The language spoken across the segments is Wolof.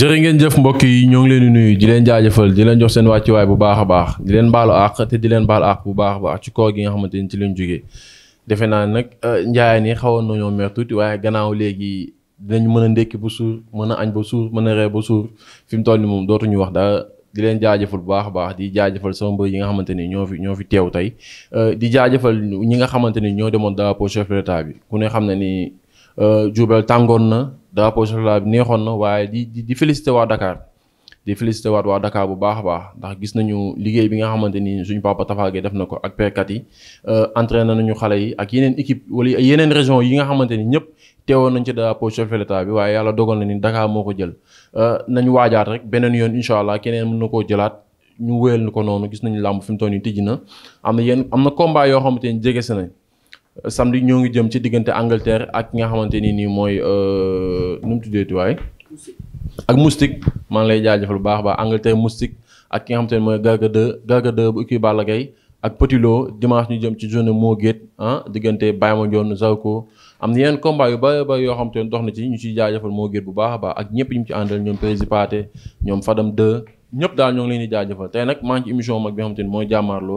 jërë ngeen jëf mbokk yi ñoo ngi leen di nuyu di leen jaajëfal di leen jox seen wàccuwaay bu baax a baax di leen baalu àq te di leen baal àq bu baax a baax ci koor gi nga xamante ni ci leen jógee defe naa nag euh, njaay ni xawoon nañoo mer tuuti waaye gannaaw léegi dinañ mën a ndékki ba suur mën a añ ba suur mën a ree ba suur fi mu toll ni moom dootuñu wax dara di leen jaajëfal bu baax a baax di jaajëfal sama yi nga xamante ni ñoo fi ñoo fi teew tey euh, di jaajëfal ñi nga xamante ni ñoo demoon drapeau chef de l'État bi ku ne xam ne ni jubal euh, tàngoon na drapeau journal bi neexoon na waaye di di di félicité waa Dakar di félicité waat waa Dakar bu baax a baax ndax gis nañu liggéey bi nga xamante ni suñu papa Tafa Gueye def na ko ak perkat yi euh, na nañu xale yi ak yeneen équipe wala yeneen région yi nga xamante ni ñëpp teewoon nañ ci drapeau chef de bi waaye yàlla dogal na ni Dakar moo ko jël euh, nañu waajaat rek beneen yoon incha allah keneen mën na koo jëlaat ñu wéyal ko noonu gis nañu làmb fi mu toll nii tijji na am na yenn am na combat yoo xamante ni jege si nañ samedi ñoo ngi jëm ci diggante Angleterre ak nga xamante ni nii mooy euh, nu mu tuddee tuwaay ak Moustique maa ngi lay jaajëfal bu baax baax Angleterre ak ki nga xamante ne bu kii Balla Gaye ak Petit Lo dimanche ñu jëm ci journée moo géet ah diggante Baye Mandione Zarko am na yeneen combat yu bëri bëri yoo xamante ne dox na ci ñu ciy jaajëfal moo géet bu baax a baax ak ñëpp ñu ci àndal ñoom Prési Paté ñoom Fadam 2 ñëpp daal ñoo ngi leen jaajëfal tey nag maa ngi ci émission mag bi nga xamante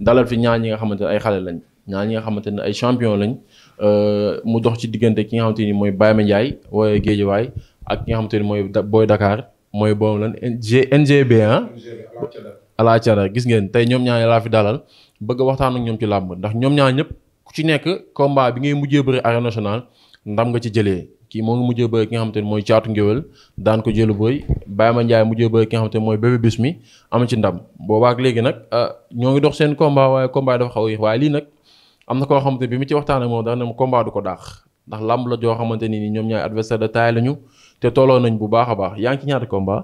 dalal fi ñaar ñi nga xamante ne ay xale lañ ñaar yi nga xamante ne ay champion lañ euh, mu dox ci diggante ki nga xamante ni mooy Baye Mandiaye wooye Géejawaay ak ki nga xamante ni mooy Boy Dakar mooy boobu lan NGB ah. ala cara tey ñoom ñaar laa fi dalal bëgg waxtaan ak ñoom ci làmb ndax ñoom ñaar ñëpp ku ci nekk combat bi ngay mujjee bëri arène nationale ndam ci jëlee kii moo ngi nga xamante ne mooy caatu ngéwél daan ko jëlu booy Baye Mandiaye mujjee bëri ki mooy bébé bis mi ci ndam boobaak léegi nag ah, ñoo ngi dox seen combat waaye combat dafa xaw a waaye lii nag am na koo xamante bi mu ci waxtaan ak moom dafa ne ma combat ko daax ndax làmb la joo xamante ni ni ñoom ñaari adversaire de taille lañu te tolloo nañ bu baax a baax yaa ngi ci ñaata combat.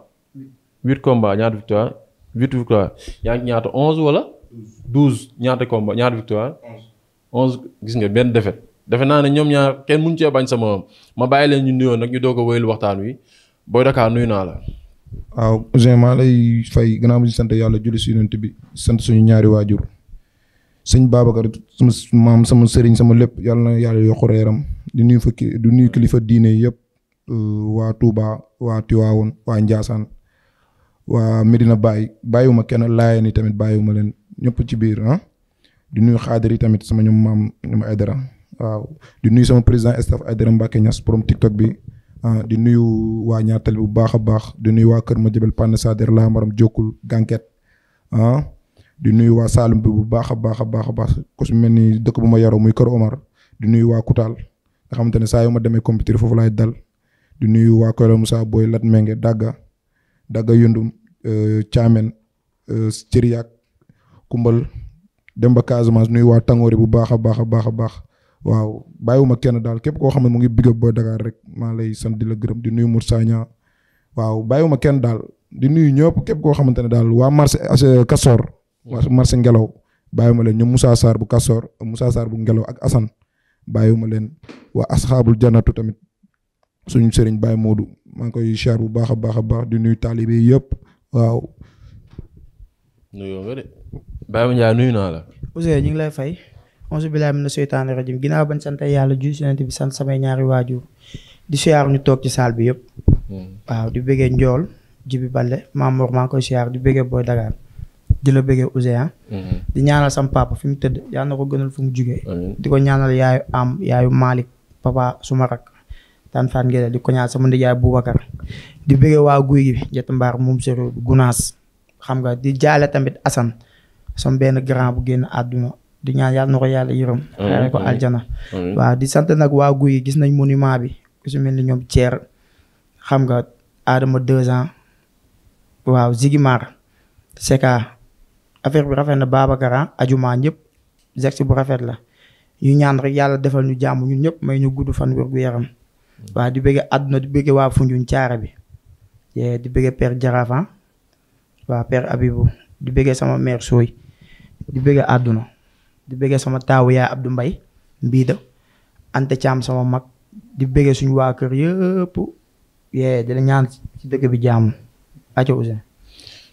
huit combat ñaata victoire huit victoire yaa ngi ci ñaata onze wala. douze ñaata combat ñaata victoire. onze gis nga benn défaite. defe naa ne ñoom ñaar kenn mënu cee bañ sama ma bàyyi leen ñu nuyoon nag ñu doog a wéyal waxtaan wi Boy Dakar nuyu naa la. waaw Ousseyn lay fay gannaaw bi sant yàlla julli si yonent bi sant suñu ñaari waajur sëñ Babacar sama maam sama sëriñ sama lépp yàlla na yàlla yokk reeram di nuyu fukki di nuyu kilifa diine yëpp euh, waa Touba waa Tiwaawoon waa Njaasaan waa Medina Baye bàyyiwuma kenn laayeen ni tamit bàyyiwuma leen ñëpp ci biir ah di nuyu xaadir yi tamit sama ñoom maam ñoom Aydara waaw di nuyu sama président staff Aydara Mbacke Niass borom TikTok bi ah. di nuyu waa ñaartal bu baax a baax di nuyu waa Kër Madiabel Pane Sader laa maram jokkul gànket ah. di nuyu waa Saalum bi bu baax a baax a baax a baax ku mel ni dëkk bu ma yaroo muy Kër Omar di nuyu waa Koutal nga xamante ne saa yu ma demee compétir foofu laay dal di nuyu waa mu saa booy Lat Menge Dagga Dagga Yundum euh, Thiamène euh, Thiriac Kumbal dem ba Casamance nuyu waa Tangoori bu baax a baax a baax a baax waaw bàyyiwuma kenn daal képp koo xam ne mu ngi big up Boy rek maa lay sant di la gërëm di nuyu Moussa Niang waaw bàyyiwuma kenn daal di nuyu ñëpp képp koo xamante ne daal waa marché Castor euh, marché ngelaw ma leen ñoom Moussa Sarr bu Kassor Moussa Sarr bu ngelaw ak Assane ma leen waa asxaabul janatu tamit suñu sëriñ Baye Modou maa ngi koy siyaar bu baax a baax a baax di nuyu taalibe yëpp waaw. nuyoo nga de Baye nuyu naa la. Ousseyn ñu ngi lay fay. auzu billaahi mina seytaani rajiim ginnaaw bañ sant yàlla ju yonent bi sant samay ñaari waajur di siyaar ñu toog ci saal bi yëpp. Hmm. waaw di bëggee Njool Jibi Bale Mamour maa ngi koy siyaar di bëggee Boy Dagaan. di la bëggee Ouzin mm-hmm. di ñaanal sam papa fi mu tëdd yàlla na ko gënal fu mu jugee. di ko ñaanal yaayu am yaayu Malick papa suma rak daan faan ngeen di ko ñaanal sama ndijaay di bëggee waa guy gi jot mbaar moom sori gunaas xam nga di jaale tamit Assane sam benn grand bu génn àdduna di ñaan yàlla na ko yàlla yërëm. xaare ko aljana. waaw di sant nag waa guy gis nañ monument bi ku si mel ñoom Thier xam nga Adama deux waaw Zigimar Seka. affaire bi rafet na Babacar ajuma ñëpp geste bu rafet la ñu ñaan rek yàlla defal ñu jàmm ñun ñëpp may ñu gudd fan wér gu yaram waaw di bëggee àdduna di waa caara bi di bëggee père Jarafa waa père di bëggee sama mère Sooy di bëggee àdduna di bëggee sama taawu yaay Abdou Mbaye mbiida ante caam sama mag di bëggee suñu waa kër yëpp di la ñaan ci dëkk bi jàmm aco Ousseyn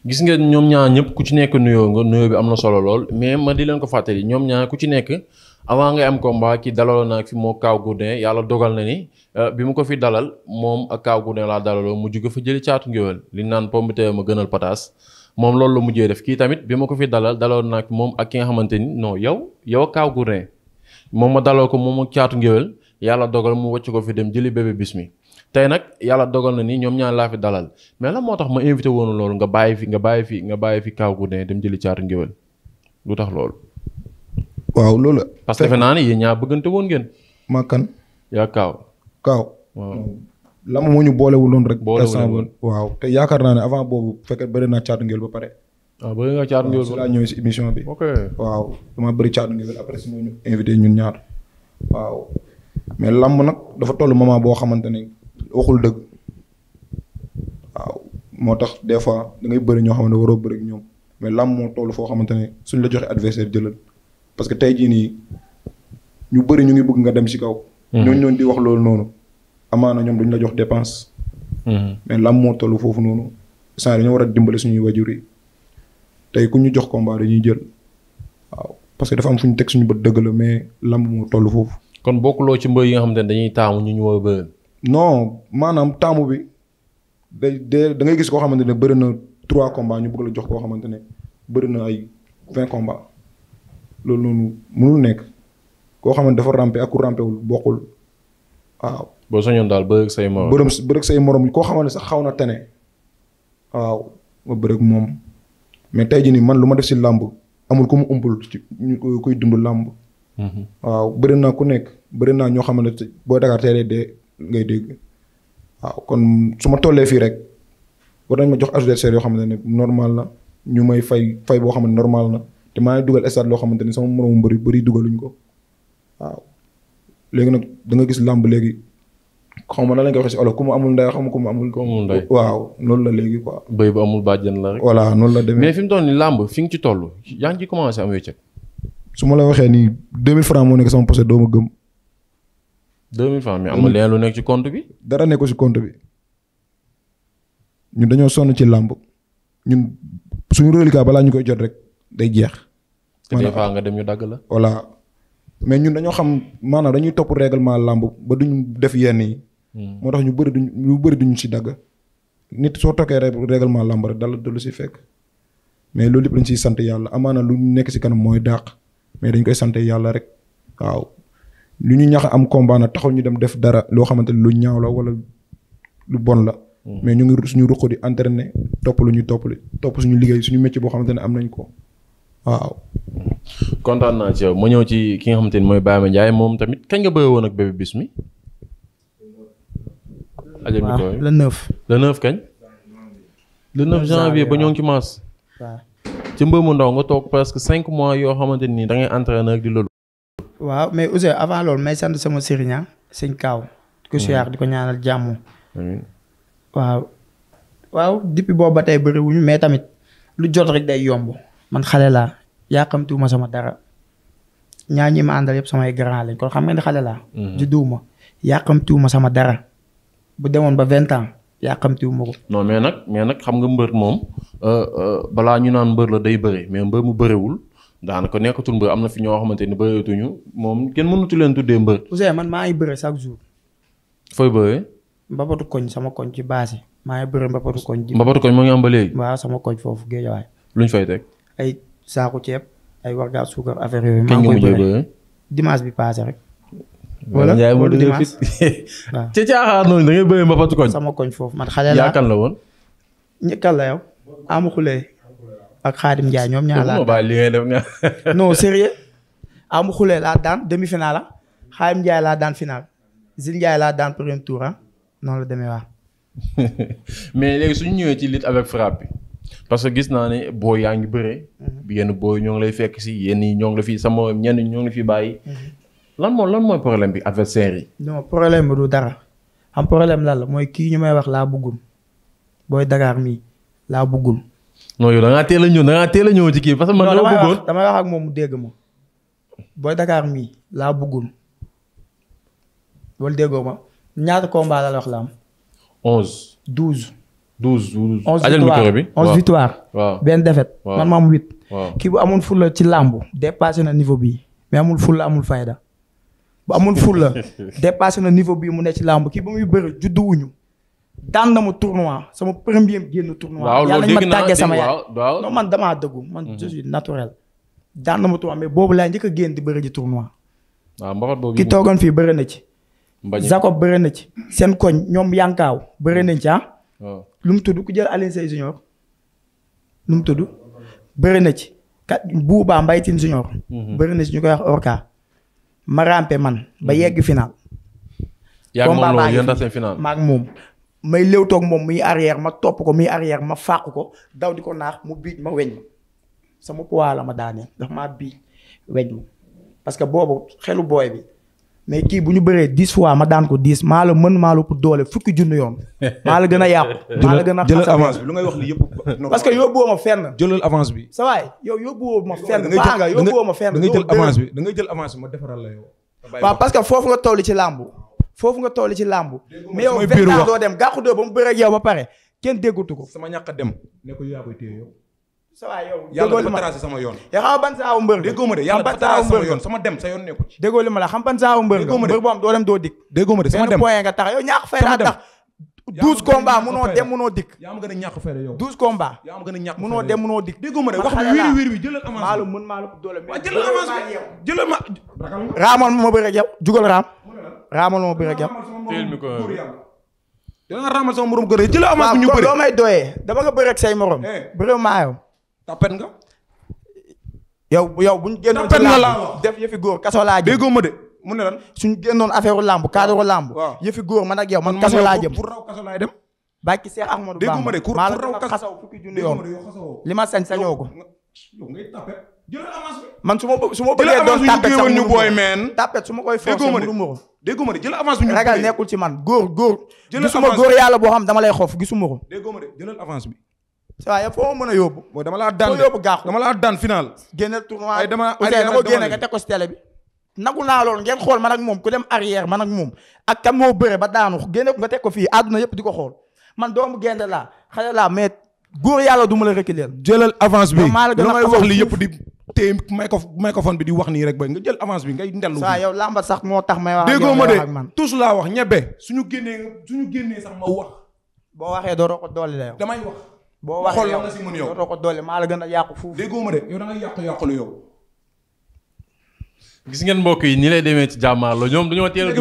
gis nga ñoom ñaar ñëpp ku ci nekk nuyoo nga nuyoo bi am na solo lool mais ma di leen ko fàttali ñoom ñaar ku ci nekk avant ngay am combat ki dalaloon naa fi moo Kaw Gourdin yàlla dogal na ni euh, bi mu ko fi dalal moom ak Kaw Gourdin laa dalaloo mu jóge fa jëli caatu ngéwél li naan pomme de ma gënal pataas moom loolu la mujjee def kii tamit bi ma ko fi dalal dalaloon naa fi moom ak ki nga xamante ni noo yow yow ak Kaw moom ma daloo ko moom ak caatu ngéwél yàlla dogal mu wàcc ko fi dem jëli bébé bis mi tey nag yàlla dogal na ni ñoom ñaar laa fi mais lan moo tax ma invité woonu loolu nga bàyyi fi nga bàyyi fi nga bàyyi fi Kaw Gourdin dem jëli caatu ngéwél lu tax loolu. waaw loolu la. naa ne yéen bëggante woon ngeen. ma kan. yaa Kaaw. Kaaw. waaw lam moo ñu boolewul woon waaw te yaakaar naa ne avant boobu bu fekkee bëri naa ba pare. Ah, waaw bëri naa si laa bi. ok waaw dama bëri caatu ngéwél après si invité ñun ñaar waaw mais lamb nag dafa toll moment boo xamante ni waxul dëgg waaw moo tax des fois da ngay bëri ñoo xam ne waroo bëri ak ñoom mais làmb moo toll foo xamante ne suñ la joxe adversaire jëlal parce que tey jii nii ñu bëri ñu ngi bëgg nga dem ci kaw. Mhm. ñooñu ñooñu di wax loolu noonu amaana ñoom duñ la jox dépense. Mhm. mais làmb moo toll foofu noonu saa dañoo war a dimbale suñuy wajur yi tey ku ñu jox combat dañuy jël waaw parce dafa am fu ñu teg suñu bët dëgg la mais làmb moo toll foofu. kon bokkuloo ci mbër yi nga xamante ne dañuy taamu ñu ñu war a bëri non maanaam taamu bi day day da ngay gis koo xamante ne bëri na trois combats ñu bëgg la jox koo xamante ne bëri na ay vingt combats loolu noonu mënul nekk koo xamante dafa rampe ak ku rampewul bokkul waaw. boo soñoon daal bëri say morom. bërëm bëri say morom koo xamante sax xaw na tene waaw nga bëri moom mais tey jii nii man lu ma def si làmb amul ku mu umpul ci kuy dund làmb. Mhm. waaw bëri naa ku nekk bëri naa ñoo xamante boo Dakar tey de. ngay dégg waaw kon su ma tollee fii rek war nañ ma jox adversaire yoo xamante ne normal na ñu may fay fay boo xam ne normal na te maa ngi dugal stade loo xamante ne sama moromu bari bëri dugaluñ ko waaw. léegi nag da nga gis làmb léegi xaw ma na lañ koy waxee ku mu amul ndey xam ku mu amul. mu amul ndey waaw noonu la léegi quoi. bëy bu amul bàjjen la rek. voilà noonu la demee mais fi mu toll nii làmb fi nga ci toll yaa ngi ci commencé am wéccet. su ma la waxee nii 2000 francs moo 2000 francs mais am na leen lu nekk ci compte bi. dara nekkul ci compte bi ñun dañoo sonn ci làmb ñun suñu reliquat balaa ñu koy jot rek day jeex. maanaam des fois nga dem ñu dagg la. voilà mais ñun dañoo xam maanaam dañuy topp réglement làmb ba du ñu def yenn yi. Hmm. moo tax ñu bëri duñu ñu bëri duñu ci dagg. nit soo tokkee règlement làmb rek dala dalu ci fekk mais loolu yëpp dañ ciy sant yàlla amaana lu nekk ci kanam mooy dàq mais dañ koy sant yàlla rek waaw. lu ñu ñax am combat na ñu dem def dara loo xamante ni lu ñaaw la wala lu bon la. Mm. mais ñu ngi suñu ruq di entraîné topp lu ñu toppale topp suñu liggéey suñu métier boo xamante ne am nañ ko waaw. kontaan naa ci yow ma ñëw ci ki nga xamante ni mooy Baye Mandiaye moom tamit kañ nga bëre woon ak Bébé Bismi. waaw le 9. le 9 kañ. le 9 janvier ba ñoo ngi ci mars. waaw ci mbëmu ndaw nga toog presque 5 mois yoo xamante ni da ngay entraîné ak di loolu. waaw mais aussi avant loolu may sant sama sëriñ ah sëñ Kaaw. ku mm. di ko ñaanal jàmm. waaw. waaw depuis boobu ba tey bëriwuñu mais tamit lu jot rek day yomb man xale laa yàqamtuwuma sama dara ñaar ñi ma àndal yëpp samay grand lañ kon xam nga ne xale laa. Mm-hmm. judduwuma yàqamtuwuma sama dara bu demoon ba vingt ans. yàqamtiwuma ko. non mais nag mais nag xam nga mbër moom euh, euh, balaa ñu naan mbër la day bëri mais mbër mu bëriwul daanaka nekkatul mbër am na fi ñoo xamante ni bëreetuñu moom kenn mënatu leen tuddee mbër. Ousseyn man maa ngi bëre chaque jour. fooy bëree. mbapatu koñ sama koñ ci baasi. maa ngi bëre mbapatu koñ. ji koñ moo ngi ba léegi. waaw sama koñ foofu géej luñ fay teg. ay saaku ceeb ay wargaas suukar affaire yooyu. maa ngi koy bëree dimanche bi paase rek. wala wala dimanche waaw. ca caaxaan noonu da ngay mbapatu koñ. sama koñ foofu man xale la yaa kan la woon. kan la yow amu xulee ak Xaadim Njaay ñoom ñaar laa daan li ngay def nga. non sérieux Amu Xule laa daan demi final Xaadim ah. Njaay laa daan final Zil Njaay laa daan premier tour ah. noonu la demee waa mais léegi suñu ñëwee ci lutte avec frappe parce que gis naa ne booy yaa ngi bëree. Mhm. yenn booy ñoo ngi lay fekk si yenn yi ñoo ngi la fi sama ñenn ñoo ngi la fi bàyyi. Mhm. lan moo lan mooy problème bi adversaire yi. non problème bi du dara am problème lan mooy kii ñu may wax laa bëggul booy Dakar mii laa bëggul. non yow da ngaa teel a ñëw da ñëw ci kii parce que man. dama bëggoon damay wax ak moom mu dégg ma. booy dakaar mii laa bëggoon loolu déggoo ma ñaata combat la wax la am. onze. douze. douze douze. onze victoire benn defet man ma am huit. kii bu amul fulla ci làmb dépassé na niveau bi mais amul fulla amul fayda bu amul fulla dépassé na niveau bii mu nekk ci làmb kii ba muy bëri juddu wuñu daan na ma tournoi sama premier génn tournoi. waaw yàlla ñu ma tàggee sama yaay non man damaa dëggu man mhm. je suis naturel. daan na ma tournoi mais boobu laa njëkk a génn di bëri ji tournoi. waaw mbapat boobu ki toogoon fii bëri na ci. mbañu Jacob bëri na ci. seen koñ ñoom yankaaw bëri nañ ci ah. lu mu tudd ku jël Alioune Seye junior lu bëri na ci kat Buuba Mbaye Tine mhm. ñu koy wax Orca. ma rampe man ba mhm. yegg final. yaa moom loolu yënda seen final combat moom. may léew toog moom muy arrière ma topp ko muy arrière ma fàq ko daw di ko naax mu biij ma weñ ma sama poids la ma daaneel ndax maa biij weñ ma parce que boobu xelu booy bi mais kii bu ñu bëree dix fois ma daan ko dix maa la mën maa la doole fukki junni yoon maa la gën a yàqu maa la gën a jëlal avance bi lu ngay wax li yëpp parce que yóbbuwoo ma fenn jëlal avance bi sa waay yow yóbbuwoo ma fenn nga jël avance bi da ngay jël avance ma defaral la yow waaw parce que foofu nga toll ci foofu nga toll ci làmb mais yow vingt ans doo dem gàqu doo ba mu bëreeg ba pare kenn déggutu ko sama a dem ne ko yaa koy téye yow ça va sama yoon yow xam ban saawu mbër déggoo ma de yàlla dafa tracé sama sa yoon nekku ci déggoo li ma la xam ban saawu mbër mbër boo xam doo dem doo dikk déggoo ma de sama dem point nga munoo dem munoo dikk a ñàkk fere yow douze combats yaa ma gën a ñàkk munoo déggoo ma de wax bi wiiri wiiri bi raamoon ma bëri jugal raam raamal ma bu rek yàpp. teel mi ko da nga raamal sama morom góor yi jël avance ñu bëri waaw may doyee dama nga bëri ak say morom. Eh. bëri maayow. tapet nga. yow góor kaso laa jëm mu ne lan suñu génnoon affaire làmb cadre làmb. waaw góor man ak yow man kaso laa jëm. pour raw kaso laay dem. bàkki Seex Ahmadu Bamba. déggoo ma maa la ko xasaw fukki junni yoon li ma sañ sañoo ko. jëlal avance bi man su ma su ma bëggee doon tapet sax ñu su ma koy forcé mënu ma ko déggoo ma de jëlal avance bi ñu ragal nekkul ci man góor góor yàlla boo xam dama lay xoof gisuma ko déggoo ma de jëlal avance bi waaw yow foo mën a yóbbu boo dama laa daan yóbbu gaaxu dama laa daan final génne tournoi ay dama na ko génne nga teg ko si télé bi nagu naa loolu ngeen xool man ak moom ku dem arrière man ak moom ak kam moo bëre ba daanu génne ko nga teg ko fii àdduna yëpp di ko xool man doomu génne laa xale laa mais góor yàlla du ma la reculer jëlal avance bi lu may wax li yëpp di téye microphone bi di wax nii rek ba nga jël avance bi ngay ndellu. saa yow làmba sax moo tax may wax ak yow de tous laa wax ñebe suñu génnee suñu génnee sax ma wax. boo waxee dootoo ko doole la yow. boo waxee yow xool si mën yow ko doole maa la gën yàqu fuuf. déggoo ma de gis ngeen mbokk yi ni lay demee ci jàmmaarloo ñoom dañoo teel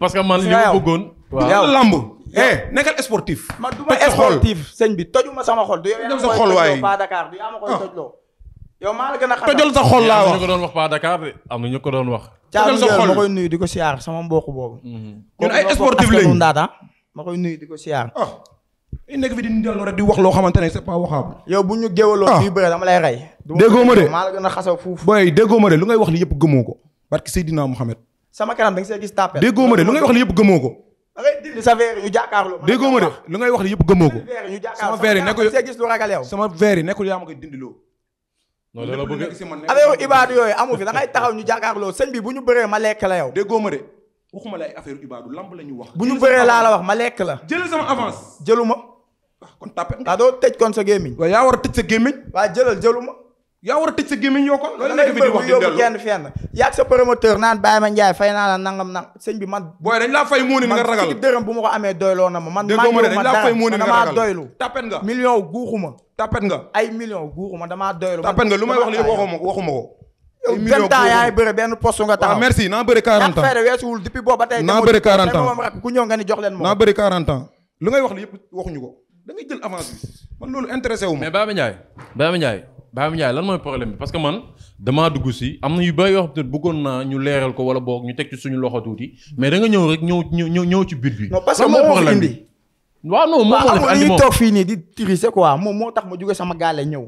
parce que man li ma bëggoon. waaw làmb eh nekkal sportif. man du ma sportif sëñ bi tojuma sama xol. du yow yaa ma koy tojloo pas ma koy ah. tojloo yow sa xol laa wax ma koy nuyu di ko siyaar sama mbokk boobu. Mhm. ñun ay sportif lañu ndaata ma koy nuyu di ko siyaar. Ah, i nekk fi di delloo rek di wax loo xamante ne c'est pas waxable. yow bu ñu géwaloon ah. fii bëre dama lay rey. déggoo ma de lu ngay wax li yëpp gëmoo ko. sama kanam nekkul yaa ma koy dindiloo non da la bëgg affaire ibaadu yooyu amu fi da ngay taxaw ñu jàkkaarloo sëñ bi bu ñu bëree ma lekk la yow. déggoo ma de waxuma la ay affaire ibaadu lamb la ñu wax. bu ñu bëree laa la wax ma lekk la. jëlal sama avance. jëlu ma. Ah, kon tapé nga ah, doo tëj kon sa gémmiñ. waaw yaa war a tëj sa gémmiñ. jëlal jëlu ma. yaa war a tëj sa gémmiñ yoo ko. loolu nekk fi di wax di dellu kenn fenn yaag sa promoteur naan Baye Ma Ndiaye fay naa la nangam nang sëñ bi man. booy dañ laa fay muuni nga ragal bu ma ko amee doyloo na ma. man maa ngi ma dara man damaa doylu. tapé nga million guuxuma tapet nga. ay millions guuruma damaa doylu. tapet nga lu may wax li waxuma waxuma ko. ay millions vingt ans yaay bëre benn poste boobu naa bëre 40 lu ngay wax li yëpp waxuñu ko. da jël avance bi man loolu intéressé mais Baaba Ndiaye Baaba Ndiaye lan mooy problème bi parce que man damaa dugg si am na yu bëri yoo xam te bëggoon naa ñu leeral ko wala boo ñu teg ci suñu loxo tuuti mais da nga ñëw rek ñëw ñëw ñëw ci but bi. non parce que moo fi waaw non moom moo la fi toog fii nii di tirise quoi moom moo tax ma jóge sama gaale ñëw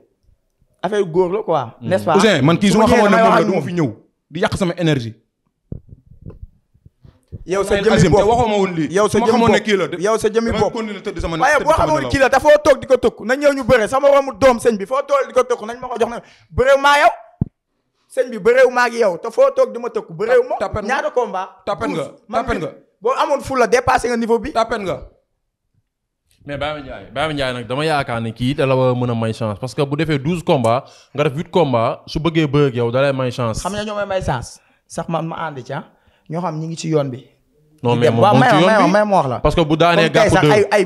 affaire góor la quoi. Hmm. n'est-ce man kii su ma xamoon na moom la du ma fi ñëw di yàq sama énergie. yow sa jëmmi bopp waxoo ma lii yow sa jëmmi bopp yow sa jëmmi bopp waaye boo xamoon kii la dafoo toog di ko tëkk na ñëw ñu bëre sama romu doom sëñ bi foo toog di ko tëkk nañ ma ko jox na bëréew maa yow sëñ bi bëréew maa ak yow te foo toog di ma tëkk bëréew ma ñaata combat tapen nga tapen nga boo amoon fu la dépassé nga niveau bi tapen nga mais Baye Mandiaye Baye dama yaakaar ne kii da la war a mën a may chance parce que bu defee douze combats nga def huit combats su bëggee bëgg yow da lay may chance. xam nga ñoo may may chance sax man ma ànd ca ñoo xam ñu ngi ci yoon bi. non mais moom ci yoon bi wax la. parce que bu daanee gàpp de ay ay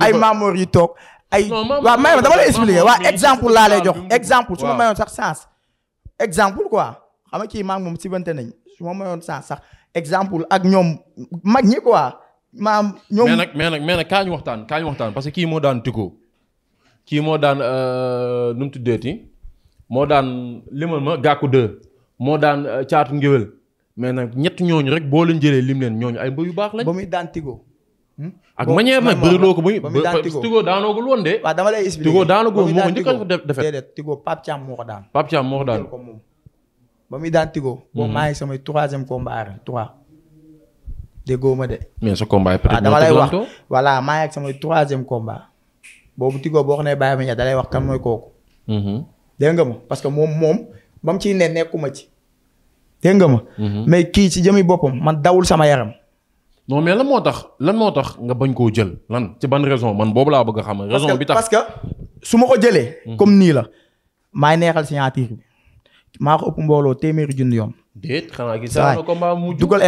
ay maamoor yu toog ay. waaw may ma dama lay expliquer waa exemple laa lay jox exemple su ma mayoon sax chance. exemple quoi xam nga kii maa ngi moom si nañ su ma mayoon chance sax exemple ak ñoom mag ñi quoi. maam ñoom mais nag mais nag mais nag kaa ñu waxtaan kaa ñu waxtaan parce que kii moo daan Tyco kii moo daan euh, nu mu tuddeeti moo daan limal ma gàkku dë moo daan euh, caatu ngéwél mais nag ñett ñooñu rek boo leen jëlee lim leen ñooñu ay mbër yu baax lañ. ba muy daan Tyco. Hmm? ak manière nag bëriloo ko bu ba muy daan Tyco Tyco daanoogul woon de. waaw dama lay expliqué Tyco daanoogul woon moo ko a def defet. moo ko daan. Pape moo ko daan ba muy daan Tyco. Mhm. boobu maa ngi samay troisième combat trois. déggoo ma de. mais sa combat peut-être ah, dama lay wax voilà maa ngi samay troisième combat. boobu Tigo boo xam ne Baye Mandiaye da lay wax kan mooy kooku. Mm-hmm. dégg nga ma parce que moom moom ba mu ciy ne nekkuma ci. dégg nga ma. Mm-hmm. mais kii si jëmi boppam man dawul sama yaram. non mais lan moo tax lan moo tax nga bañ koo jël lan ci ban raison man boobu laa bëgg xam a xam. raison bi tax que su ma ko jëlee. Mm-hmm. comme nii la. maay neexal signature bi. maa ko ëpp mbooloo téeméeri junni yoon. déet xanaa combat mu dugal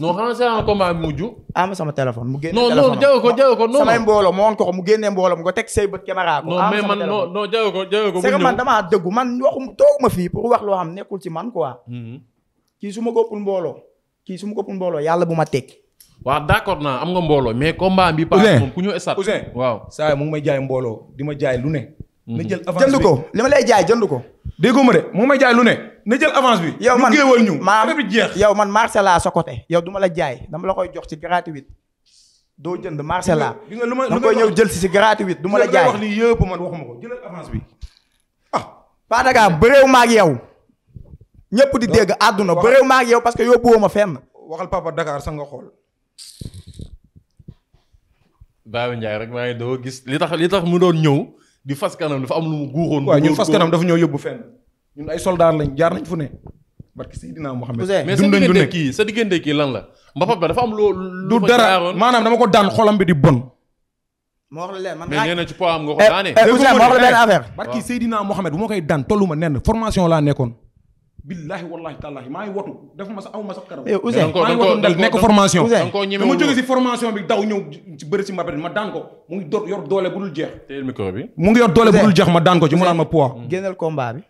non xanaa c'est un combat bi am ah, sama téléphone mu génne téléphone non non jaww ko jaww ko non samay mbooloo ma woon ko mu génne mbooloo mu ko teg say bët caméra ko. am ah, sama téléphone non mais ko jaww ko. mu ñëw c'est man damaa dëggu man waxum tooguma fii wax loo xam nekkul ci man quoi. Mm-hmm. kii su ma góppul mbooloo kii su ma mbooloo yàlla bu ma teg. waaw d'accord naa am nga mbooloo mais combat bi. Ousseyn moom ku ñu estat waaw. saa mu ngi may jaay mbooloo di ma jaay lu ne. Mm-hmm. na jël avance bi jënd ko li ma lay jaay jënd ko. déggoo ma de mu ngi may jaay lu ne na jël avance bi. yow man ñu maam yow man marché laa sa côté yow du la jaay dama la koy jox ci gratuit doo jënd marché laa. bi nga lu ma koy ñëw jël si si gratuit du ma la jaay wax ni yëpp man waxuma ko jëlal avance bi ah. Fadaga bëréew ma ak yow. ñëpp di dégg àdduna bëréew ma ak yow parce que yóbbuwoo ma fenn. waxal papa dakaar sax nga xool. Baye Ndiaye rek maa ngi doo gis li tax li tax mu doon ñëw di fas kanam dafa am lu mu guuxoon. waaw ñun fas kanam dafa ñëw yóbbu fenn. ñun ay soldaar la mbapat ba dafa am loo. lu du dara maanaam dama ko daan xolam bi ma ko eh, eh, daane. Ousseyn ma wax la benn eh. affaire. barki Seydina Mohamed bu ma koy daan tollu ma nen formation laa nekkoon. billahi wallahi tallahi maa ngi watu def ma sax aw ma sax karaw. Ousseyn nekk formation. Ousseyn dama jóge si formation bi daw ñëw ci bëri si mbappat ma daan ko mu ngi yor doole bu dul jeex. mu ngi yor doole bu dul jeex ma daan ko ci mu naan ma poids. bi.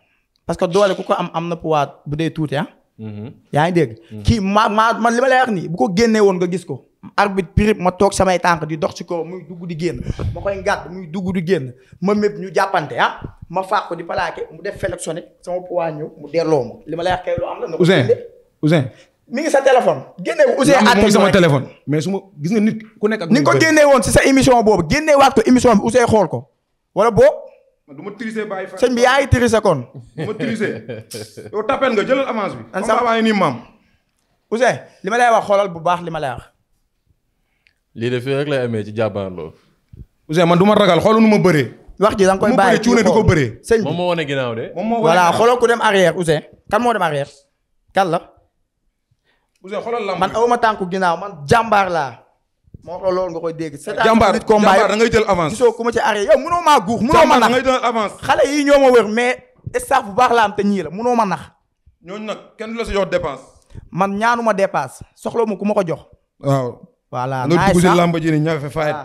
parce que doole ku ko am am na poids bu dee tuuti ah. mm-hmm. yaa ngi dégg. Mm-hmm. kii maa ma man li ma lay wax nii bu ko génnee woon nga gis ko. arbitre prip ma toog samay tànk di dox ci kaw muy dugg di génn ma koy ngàdd muy dugg di génn ma mépp ñu jàppante ah ma fàq ko di plaqué mu def sélectionné sama poids ñëw mu delloo ma li ma lay wax kay lu am la. na ko Ouzin mi ngi sa téléphone. génne wu Ouzin àtte ngi sama téléphone. mais su ma gis nga nit ku nekk ak. ni ko génne woon sa émission boobu génne émission bi xool ko du ma triser bàyyi fa. sëñ bi yaay triser kon. du ma triser yow tapel nga jëlal avance bi. an sama waaye nii maam. Ousseyn li ma lay wax xoolal bu baax li ma lay wax. lii de fii rek lay amee ci jàmbaarloo. Ousseyn man du ma ragal xoolu nu ma bëree. wax ji da nga koy bàyyi ci ko bëree sëñ bi moom moo wane ginnaaw de. moom moo voilà xoolal ku dem arrière Ousseyn. kan moo dem arrière. kan la. Ousseyn xoolal lamb man awma tànku ginnaaw man jàmbaar laa. moo ko loolu nga koy dégg. jàmbaar jàmbaar da ngay jël avance gisoo ku ma ci arrêté yow munoo maa guux. munoo ma nax xale yi ñoo ma wër mais staff bu baax la am te ñii la munoo ma nax. ñooñu nag kenn du la si jox dépense. man ñaanu ma dépense soxla ma ku ma ko jox. waaw. voilà naaj sax nga dugg si ah. làmb ji ni ñafe faayet.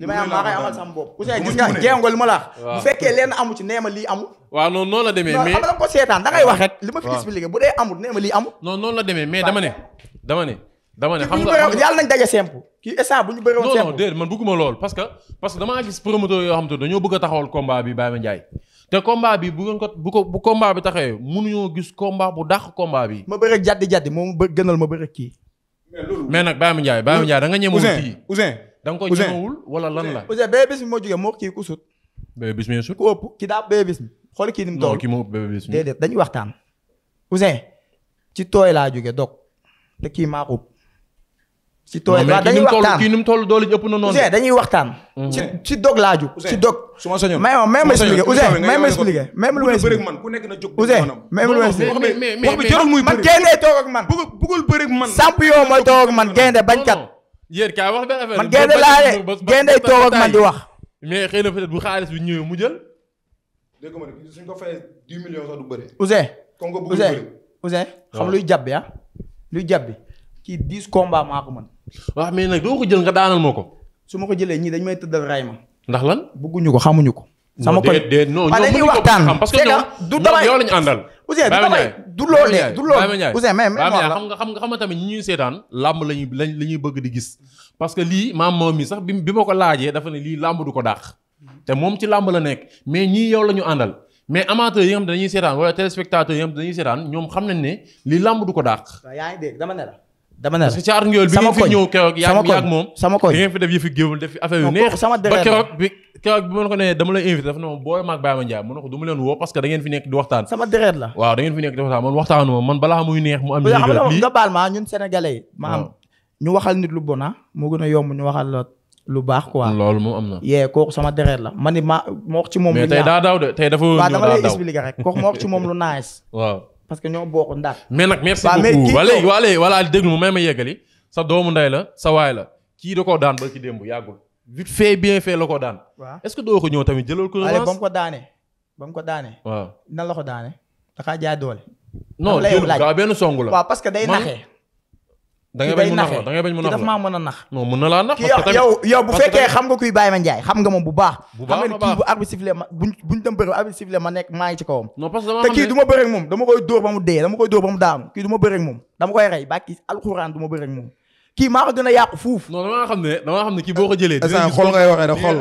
li may am maa koy gis nga jéego li ma la bu fekkee leen amu ci nee ma lii amul. waaw non noonu la demee mais non wax rek. li ma bu dee amul nee ma lii amul. noonu la demee mais dama ne dama ne dama ne xam nga yàlla nañ daje simple kii instant bu ñu bëri woon simple non non déedéet man bëgguma lool parce que parce que damaa gis promoteur yoo xam te dañoo bëgg a taxawal combat bi Baye Mandiaye bu ko bu ko bu combat bi taxawee mënuñoo gis combat bu dàq combat bi ma bëri jaddi jaddi moom ba gënal ma bëri kii mais nag Baye Mandiaye Baye Mandiaye da nga ñemewul kii Ouzin da ñemewul wala lan la Ouzin bis mi moo jógee moo kii ku sut bee bis mi sut ku ëpp ki daa bee bis mi xool kii ni mu kii moo ëpp dog te kii maa ci tooy waaw dañuy waxtaan kii ni mu toll doole ëpp na noonu. Ousseyn dañuy waxtaan. Mhm. ci ci dog laaju. ci dog su ma sañoon may ma may ma expliqué Ousseyn may ma expliqué. même lu may expliqué man ku nekk na jóg. Ousseyn même lu may expliqué. mais mais mais wax bi jarul muy bëri man gaynde toog ak man. bëgg bëggul bëri ak man. samp yoo mooy toog ak man gaynde bañkat. yéen kaay wax benn affaire man gaynde laa de gaynde toog ak man di wax. mais xëy na peut-être bu xaalis bi ñëwee mu jël. dégg nga suñ ko fayee 10 millions sax du bëri. Ousseyn Ousseyn Ousseyn xam luy jàbbi ah luy jàbbi kii 10 combat maa ko mën waaw mais nag doo ko jël nga daanal ma ko. su ma ko jëlee ñii dañ may tëddal raay ma. ndax lan bëgguñu ko xamuñu ko. sama ko déedéet non ñoom waxtaan parce que du damay yow lañu àndal. Ousseyn du damay du loolee du loolee Ousseyn mais mais xam nga xam nga xam nga tamit ñi ñuy làmb lañuy lañ la ñuy bëgg di gis parce que lii maam moom mi sax bi bi ma ko laajee dafa ne lii làmb ko dàq te moom ci làmb la nekk mais ñii yow la ñu àndal mais amateurs yi nga xam ne dañuy seetaan wala téléspectateurs yi nga xam ne dañuy seetaan ñoom xam nañ ne lii làmb du ko dàq. yaa dama ne la dama ne la parce que Thiatou moom sama koñ ngeen fi def yëfi géewul def affaire yu neex dama lay invité dafa ne da ngeen fi nekk di waxtaan sama deret la waaw da ngeen man ah, a yomb ñu waxal la lu baax quoi loolu moom am na yee kooku sama deret la ma ni ma ma wax ci moom lu ñaaw mais tey daa daaw de tey dafa waaw parce que ñoo bokk ndax. mais nag merci beaucoup waa léegi waa léegi voilà déglu ma may ma yeggali sa doomu ndey la sa waay la kii da koo daan ba ci démb yàggul. vite fait bien fait la ko daan. waaw est ce que doo ko ñëw tamit jëlal ko. revanche ba mu ko daanee ba mu ko daanee. waaw nan la ko daanee. da kaa jaay doole. non gaa benn song la waaw parce que day naxee. da ngay bañ mu nax la da maa mën a na nax yow yow bu fekkee xam nga kuy Baye Mandiaye xam nga moom bu baax xam nga ne kii bu arbitre sifflé ma buñ dama koy dóor ba mu dee dama koy dóor ba mu daanu kii du ma moom dama koy rey bàkki alxuraan du ma moom kii maa ko gën yàqu fuuf non dama xam ne kii boo ko jëlee xol ngay waxee da xol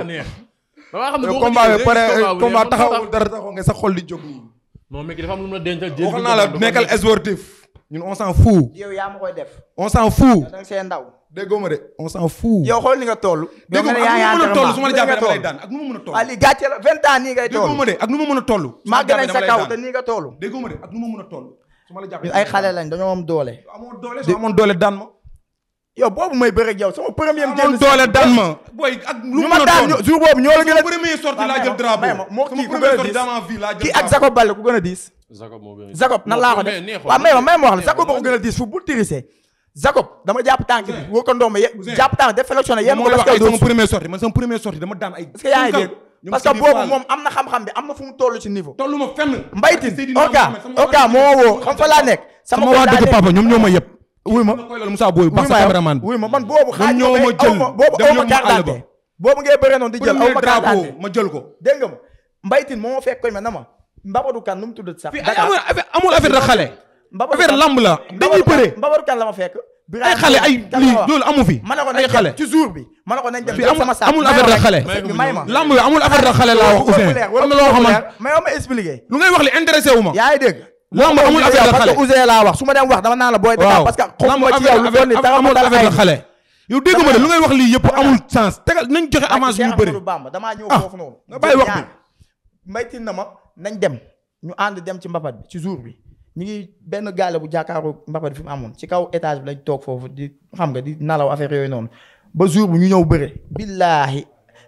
dama xam ne boo ko jëlee combat bi pare combat taxawul xol di jóg non mais nekkal sportif ñun on s'en fout. yow yaa ma koy def. on nga see ak nu ma mën a toll. waa lii gàcce la vingt ans nii ngay toll. déggoo ma a toll. gën a sa kaw te nii nga a toll. su ay xale lañ dañoo doole. amoon doole doole daan ma. yow boobu may bëreeg yow sama premier. amoon doole daan ma. booy ak lu ma daan ku gën diis Jacob moo gën a Jacob nan laa ko def waaw may ma may ma wax la Jacob moo gën a diis fu bul tirisee Jacob dama jàpp tànk bi woo ko ndoom jàpp tànk def sélectionné yéen ko parce que boobu moom am na xam-xam bi am na fu mu ci niveau tollu ma fenn mbaytin oka oka xam fa laa nekk sama waa dëgg papa ñoom ñoo ma yëpp wuy ma Moussa Boy baax sa cameraman wuy ma man boobu xaaj ñoo ma jël boobu aw ma carte boobu ngay bëre noonu di jël aw ma carte ma jël ko dégg Mbabadou Kane nu mu tuddati sax. Dakar amul amul affaire la xale. Mbabadou affaire lamb la dañuy bëree. ma fekk. ay xale ay lii loolu amu fi. bi. ma ne ko nañ dem sama saa amul affaire la xale. ma lamb la amul affaire la xale laa wax Ousseyn. am na loo xamante mais yow ma lu ngay wax li intéressé wu lamb amul affaire la xale parce que Ousseyn lu ngay wax lii yëpp amul sens tegal nañ joxe avance bu bëri. nañ dem ñu ànd dem ci mbapat bi ci jour bi ñu ngi benn gaale bu jàkkaaru mbapat fi mu amoon ci kaw étage bi lañ toog foofu di xam ga di nalaw affaire yooyu noonu ba jour bi ñu ñëw bëre. billaahi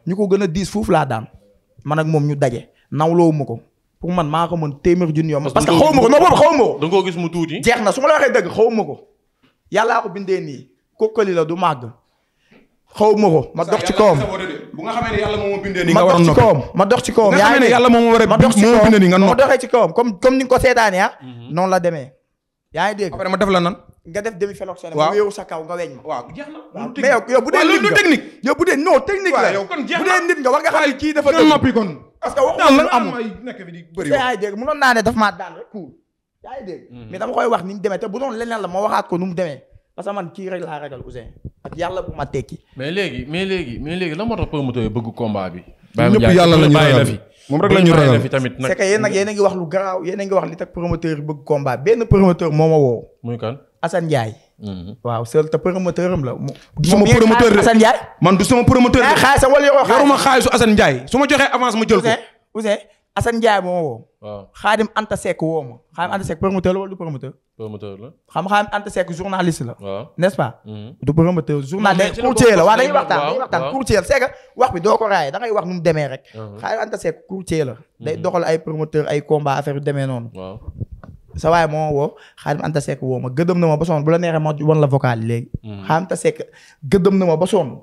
ñu ko gën a diis foofu laa daan man ak moom ñu daje nawloo ma ko pour man maa ko mën téeméer junni yoon. parce que xaw ma ko non boobu xaw ma ko. koo gis mu tuuti. jeex na su ma la waxee dëgg xaw ma ko yàllaa ko bindee nii kokkali la du màgg. xaw ma ko ma dox ci kawam. a noppi ma dox ci kawam ma dox ci kawam. a moo bindee nii nga noppi ma doxee ci kawam comme comme ni ko seetaanee ah. Mhm. noonu la demee. yaa ngi dégg après ma def la nan. nga def demi félocé waaw mu yëwu sa kaw nga weñ ma. waaw jeex na mais yow bu dee nit technique. yow bu dee non nga war nga xam kii dafa def noppi kon. lu amul yaa ngi dégg mënoon naa ne daf maa daan rek cool mhm. yaa ngi dégg dama koy wax ni mu demee te bu doon leneen la ma waxaat ko nu mu demee parce que man kii rek laa ragal Ouzin ak yàlla bu ma tekki. mais léegi mais léegi mais léegi moo tax promoteur bëgg combat bi. bàyyi ñëpp yàlla la ñu ragal moom rek tamit nag. c'est que yéen wax lu garaaw yéen a ngi wax li tax promoteur bëgg moo ma woo. muy kan Assane Ndiaye. Mm-hmm. waaw seul te promoteur am la. du sama promoteur de Assane Ndiaye. man du ah, yoroo xaalis yoruma xaalisu Assane Ndiaye su ma joxee avance ma jël ko. Ouzin Assane Ndiaye moo woo. waaw Anta Seck woo ma. Xaadim Anta Seck promoteur la wala du promoteur. promoteur la. xam Xaadim pas. Mhm. du promoteur journaliste courtier la waaw courtier la wax bi doo ko raay wax nu mu demee rek. Xaadim mhm. Anta la. day mhm. doxal ay promoteur ay combat affaire yu demee noonu. waaw sa waay moo woo Xaadim Anta Seck woo ma gëdëm na ma ba sonn bu la neexee ma wan la vocal léegi. Xaadim na ma ba sonn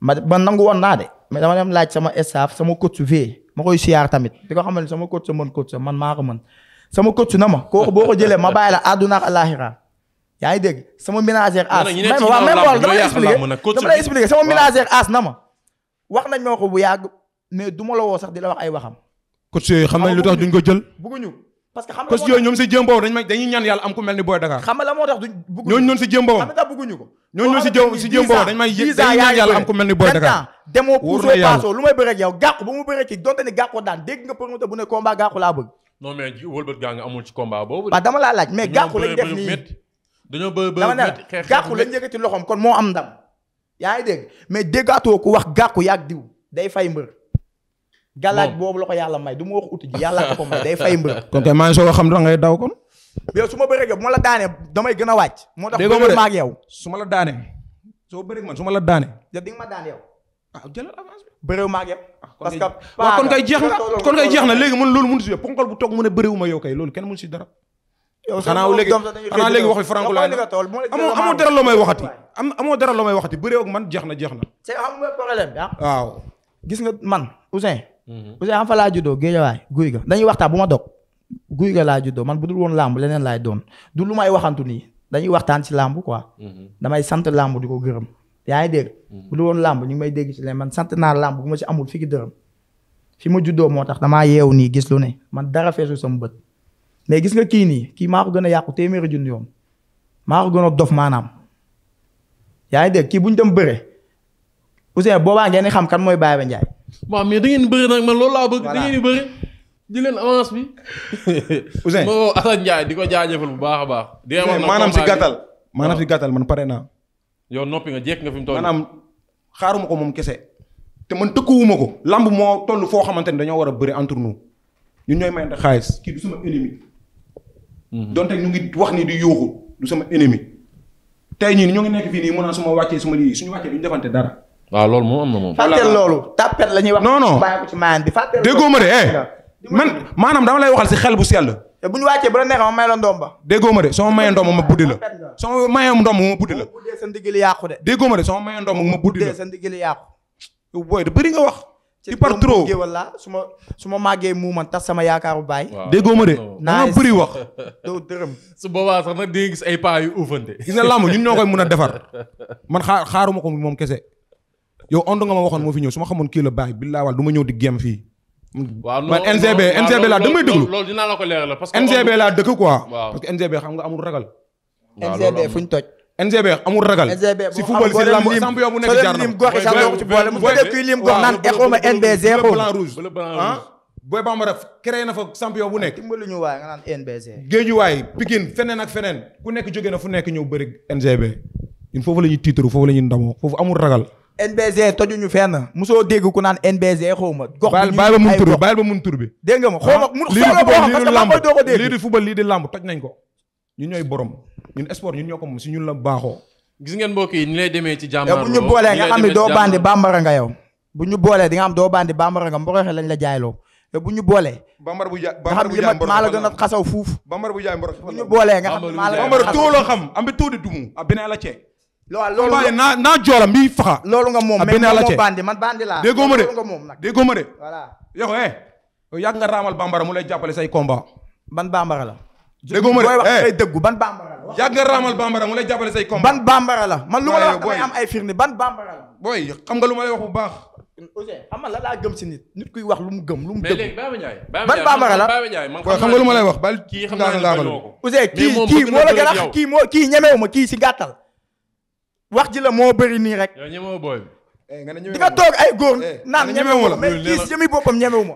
ma man nangu woon naa de mais dama dem laaj sama staff sama coach vie ma koy siyaar tamit di ko xamal ne sama coach sa mën coach sa man maa ko mën sama coach na ma kooku boo ko jëlee ma bàyyi la àdduna ak alaaxira yaa ngi dégg sama ménagère as même waaw même bool dama lay expliqué dama lay expliqué sama ménagère as na ma wax nañ ma ko bu yàgg mais du ma la woo sax di la wax ay waxam coach yooyu xam nañ lu tax duñ ko jël bëgguñu parce que xam yooyu ñoom si jëm boobu dañ ma dañuy ñaan yàlla am ku mel ni Boy Dakar xam nga moo tax duñ bëgg ñooñu noonu si jëm boobu xam dañ may dañuy ñaan yàlla am ku mel ni Boy Dakar demoo puusoo paasoo lu may bëre ak yow gàqu ba mu bëre ci donte ni gàqoo daan dégg nga promoteur bu ne combat gàqu laa bëgg non ah, dama laa laaj mais gàqu lañ def nii dañoo bëri bëri gàqu lañ yëkkati loxoom kon moo am ndam yaa ngi mais déggaatoo ku wax gàqu yaag diw day fay mbër galaaj boobu la ko yàlla may du ma wax uti ji yàlla day fay mbër. kon kay maa ngi soog a xam da daw kon. su ma bëree bu ma la daanee damay gën a wàcc. moo tax ma ak ma la daanee soo man nga ma daan yow. ah jëlal avance bi. bëreewu ma ak yow. Ah, parce que waaw kon kay jeex na kon jeex na léegi mun loolu mun si yow ponkal bu toog mu ne bëreewu ma kenn mun si dara. yow xanaa léegi xanaa léegi wax fi franco la amoo amoo dara loo may waxati. am amoo dara loo may waxati bëreew ak na jeex nga problème bi ah. waaw gis nga man Ouzin Ousseyn xam fa laa juddoo géejawaay guy ga dañuy waxtaan bu ma dog guy ga laa juddoo man bu dul woon làmb leneen laay doon du lu may waxantu nii dañuy waxtaan ci làmb quoi. Mhm. damay sant làmb di ko gërëm. yaa ngi dégg. Mhm. woon làmb ñu may dégg ci leen man sant naa làmb bu ma ci amul fi ki dërëm fi ma juddoo moo tax damaa yeewu nii gis lu ne man dara feesul sama bët mais gis nga kii nii kii maa ko gën a yàqu téeméeri junni yoon maa ko gën a dof maanaam yaa ngi dégg kii bu ñu dem bëre Ousseyn boobaa ngeen xam kan mooy Baye Ba Ndiaye waaw mais da ngeen bëri nag man loolu laa bëgg. da ngeen bëri di leen avance bi. Ousseyn ma woo Assane di ko jaajëfal bu baax a baax. di nga wax maanaam si gàttal. maanaam si gàttal man pare naa. yow noppi nga jekk nga fi maanaam xaaruma ko moom kese. te man tëkkuwuma ko. lamb moo toll foo xamante ne dañoo war a bëri entre nous. ñu ñooy mayante xaalis. kii du sama ennemi. Mhm. donte ñu ngi wax nii di yuuxu du sama ennemi. tey ñii ñoo ngi nekk fii nii mu naan su ma wàccee su ma lii suñu wàccee duñu defante waaw loolu moom am na moom. fàtteel loolu tàppet la ñuy wax. non non bàyyi ko déggoo ma de eh man maanaam dama lay waxal si xel bu sell. te bu ñu wàccee bu la neexee ma may la ndoom ba. déggoo ma de sama mayee ndoom ma buddi la. sama mayee ndoom ma buddi la. buddee sa ndigëli yàqu de. déggoo ma de sama ma buddi la. buddee sa ndigëli yàqu. booy de bëri nga wax. par trop ci wala su ma su ma màggee muuman tas sama yaakaaru baay. waaw déggoo ma de. naa nga bëri wax. doo dërëm. su boobaa sax nag di nga gis ay paa yu uufante. gis na làmb ñun ñoo koy mun a defar man xaar xaaruma ko moom kese yow ond nga ma waxoon moo fi ñëw su ma xamoon kii la baax billaa wal du ma ñëw di géem fii. waaw man NGB NGB laa damay déglu loolu dinaa la ko leeral parce que NGB laa dëkk quoi. parce que NGB xam nga amul ragal. NGB fuñ toj. NGB amul ragal. si football si lamb samp yow bu nekk jaar na booy bambara créé na fa champion bu nekk. Ah, dimbali ñu waay nga naan NBC. géeju waay Pikine feneen ak feneen ku nekk jóge na fu nekk ñëw bëri NGB ñun foofu la ñuy tiitaru foofu la ñuy ndamoo foofu amul ragal. NBG tojuñu fenn musoo dégg ku naan NBG xaw ma. gox bi ñu ay gox baal ba mun tur bi dégg nga ma xaw ma ah, mu soxla boo xam parce que maa koy doog a dégg lii di football toj nañ ko. ñun ñooy borom ñun sport ñun ko moom ñun la baaxoo. gis ngeen mbokk yi ñu lay demee ci jàmbaar eh, bu ñu boolee nga xam ne doo bandi bambara nga yow. bu ñu boolee di nga xam doo bandi bambara nga mboroxe lañ la jaayloo te eh, bu ñu boolee. bambara bu jaay bambara bu jaay mborox maa la gën a xasaw fuuf. bu jaay boolee nga xam maa la gën a xasaw bambara tuuloo xam am bi tuudi dumu a ah, bina la cee loolu loolu naa naa joola mbi faxa. loolu nga moom mais moom bandi man bandi laa. déggoo ma de déggoo ma de. voilà yow eh. yàgg nga raamal bambara mu lay jàppale say combat. ban bambara la. déggoo ma wax eh. dëggu ban bambara la. yàgg nga raamal bambara mu lay jàppale say combat. ban bambara la man lu ma la wax damay am ay firnde ban bambara la. booy xam nga lu ma lay wax bu baax. Ousseyn xam nga la laa gëm si nit. nit wax lu mu gëm lu mu dëgg. mais léegi Baaba la ma lay wax bal kii xam naa ne laa kii kii ma kii si gàttal wax ji la moo bëri nii rek. yow eh, toog ay góor. Eh, naan ñemewu la mais kii si jëmi boppam ñemewu ma.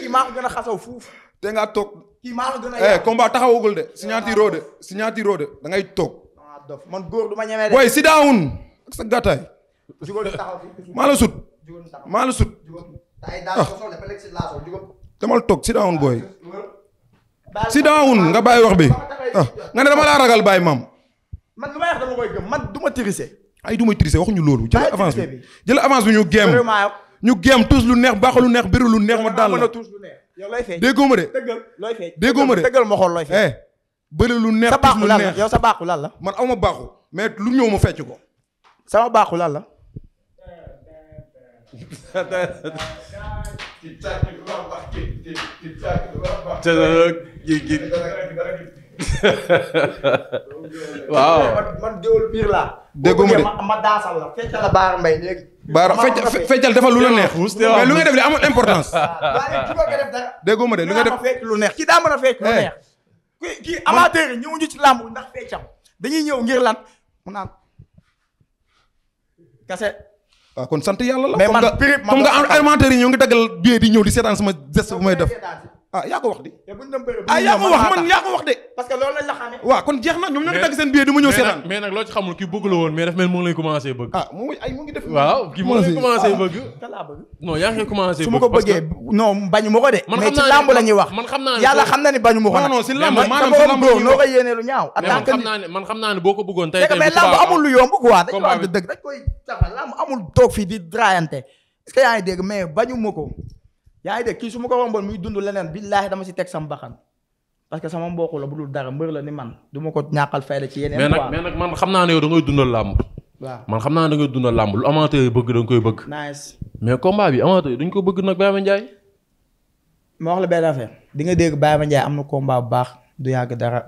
kii maa ko gën a xasaw fuuf. te ngaa toog. kii maa ko gën a eh, yaatu combat taxawagul de. signature de signature de da ngay toog. Ah, man góor du ma ñeme de. booy si daawun ak sa gàttaay. maa la sut. maa la toog si daawun booy. si daawun nga bàyyi wax bi. Ah, nga ne dama laa ragal bàyyi maam. man lu may wax dama koy gëm man du ma tricher. ay du may waxuñu loolu. jël avance bi jël avance bi ñu géem. ñu géem tuus lu neex baaxul lu neex bëri lu neex ma daal la. yow looy feeñ déggoo ma de. dëggal déggoo ma de ma xool looy feeñ. bëri lu neex tuus lu sa baaxu lan la. man aw ma baaxu mais lu ñëw ma fecc ko. sama baaxu lan la. waaw man géwél biir laa. dégguma de ma daasal la feccal la Baara Mbaye léegi. Baara feccal dafa lu la neex. mais lu ngay def de amul importance. dégguma de lu ngay def lu neex ki daa mën a fecc lu eh. neex. kii kii amateur yi ñëwuñu ci làmb ndax feccam dañuy ñëw ngir lan mu naa kase. waaw kon sant yàlla la. mais man comme nga amateur yi ñoo ngi daggal billet di ñëw di seetaan sama geste bu may def. ah yaa ko wax de. te buñ dem bëri ah yaa ko wax man yaa ko wax de. parce que na ñoom ñoo dagg seen billet ma ñëw bëgg su ma ko bëggee non bañu ko de. man xam naa ne boo ko bëggoon tey tey mais làmb amul lu yomb quoi dañ ko wax dëgg dañ koy taxal làmb amul toog fii di draayante est que yaa ngi dégg mais bañu ko yaa ngi dégg kii su ma ko romboon muy dund leneen billaahi dama si teg sama baxan parce que sama mbokk la bu dul dara mbër la ni man du ma ko ñàkkal fayda ci yeneen. mais nag man xam naa ne yow da ngay dundal làmb. xam naa ne da ngay dundal làmb lu amateur yi bëgg da koy bëgg. mais combat bi amateur yi duñ ko bëgg nag Baye Mandiaye. ma wax la benn affaire di nga dégg Baye Mandiaye am na combat bu baax du yàgg dara.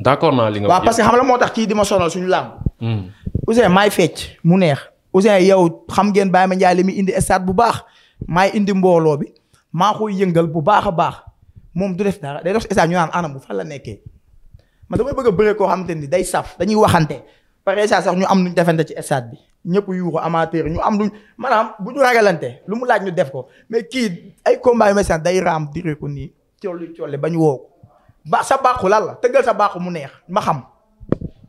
d' accord naa li nga. waaw parce que xam la moo tax kii di ma sonal suñu làmb. Hmm. Ousseyn maay fecc mu neex. Ousseyn yow xam ngeen Baye Mandiaye li muy indi stade bu baax maay indi mbooloo bi maa yëngal bu baax a baax moom du def dara day def instant ñu naan anam bu fan la nekkee man damay bëgg a bëre koo xamante ni day saf dañuy waxante pare saa sax ñu am luñ defante ci stade bi ñëpp yuuxu amateur ñu am luñ maanaam bu ñu ragalante lu mu laaj ñu def ko mais kii ay combat yu may sax day raam dire ko nii colli colli ba ñu woo ba sa baaxu lal la tëggal sa baax mu neex ma xam.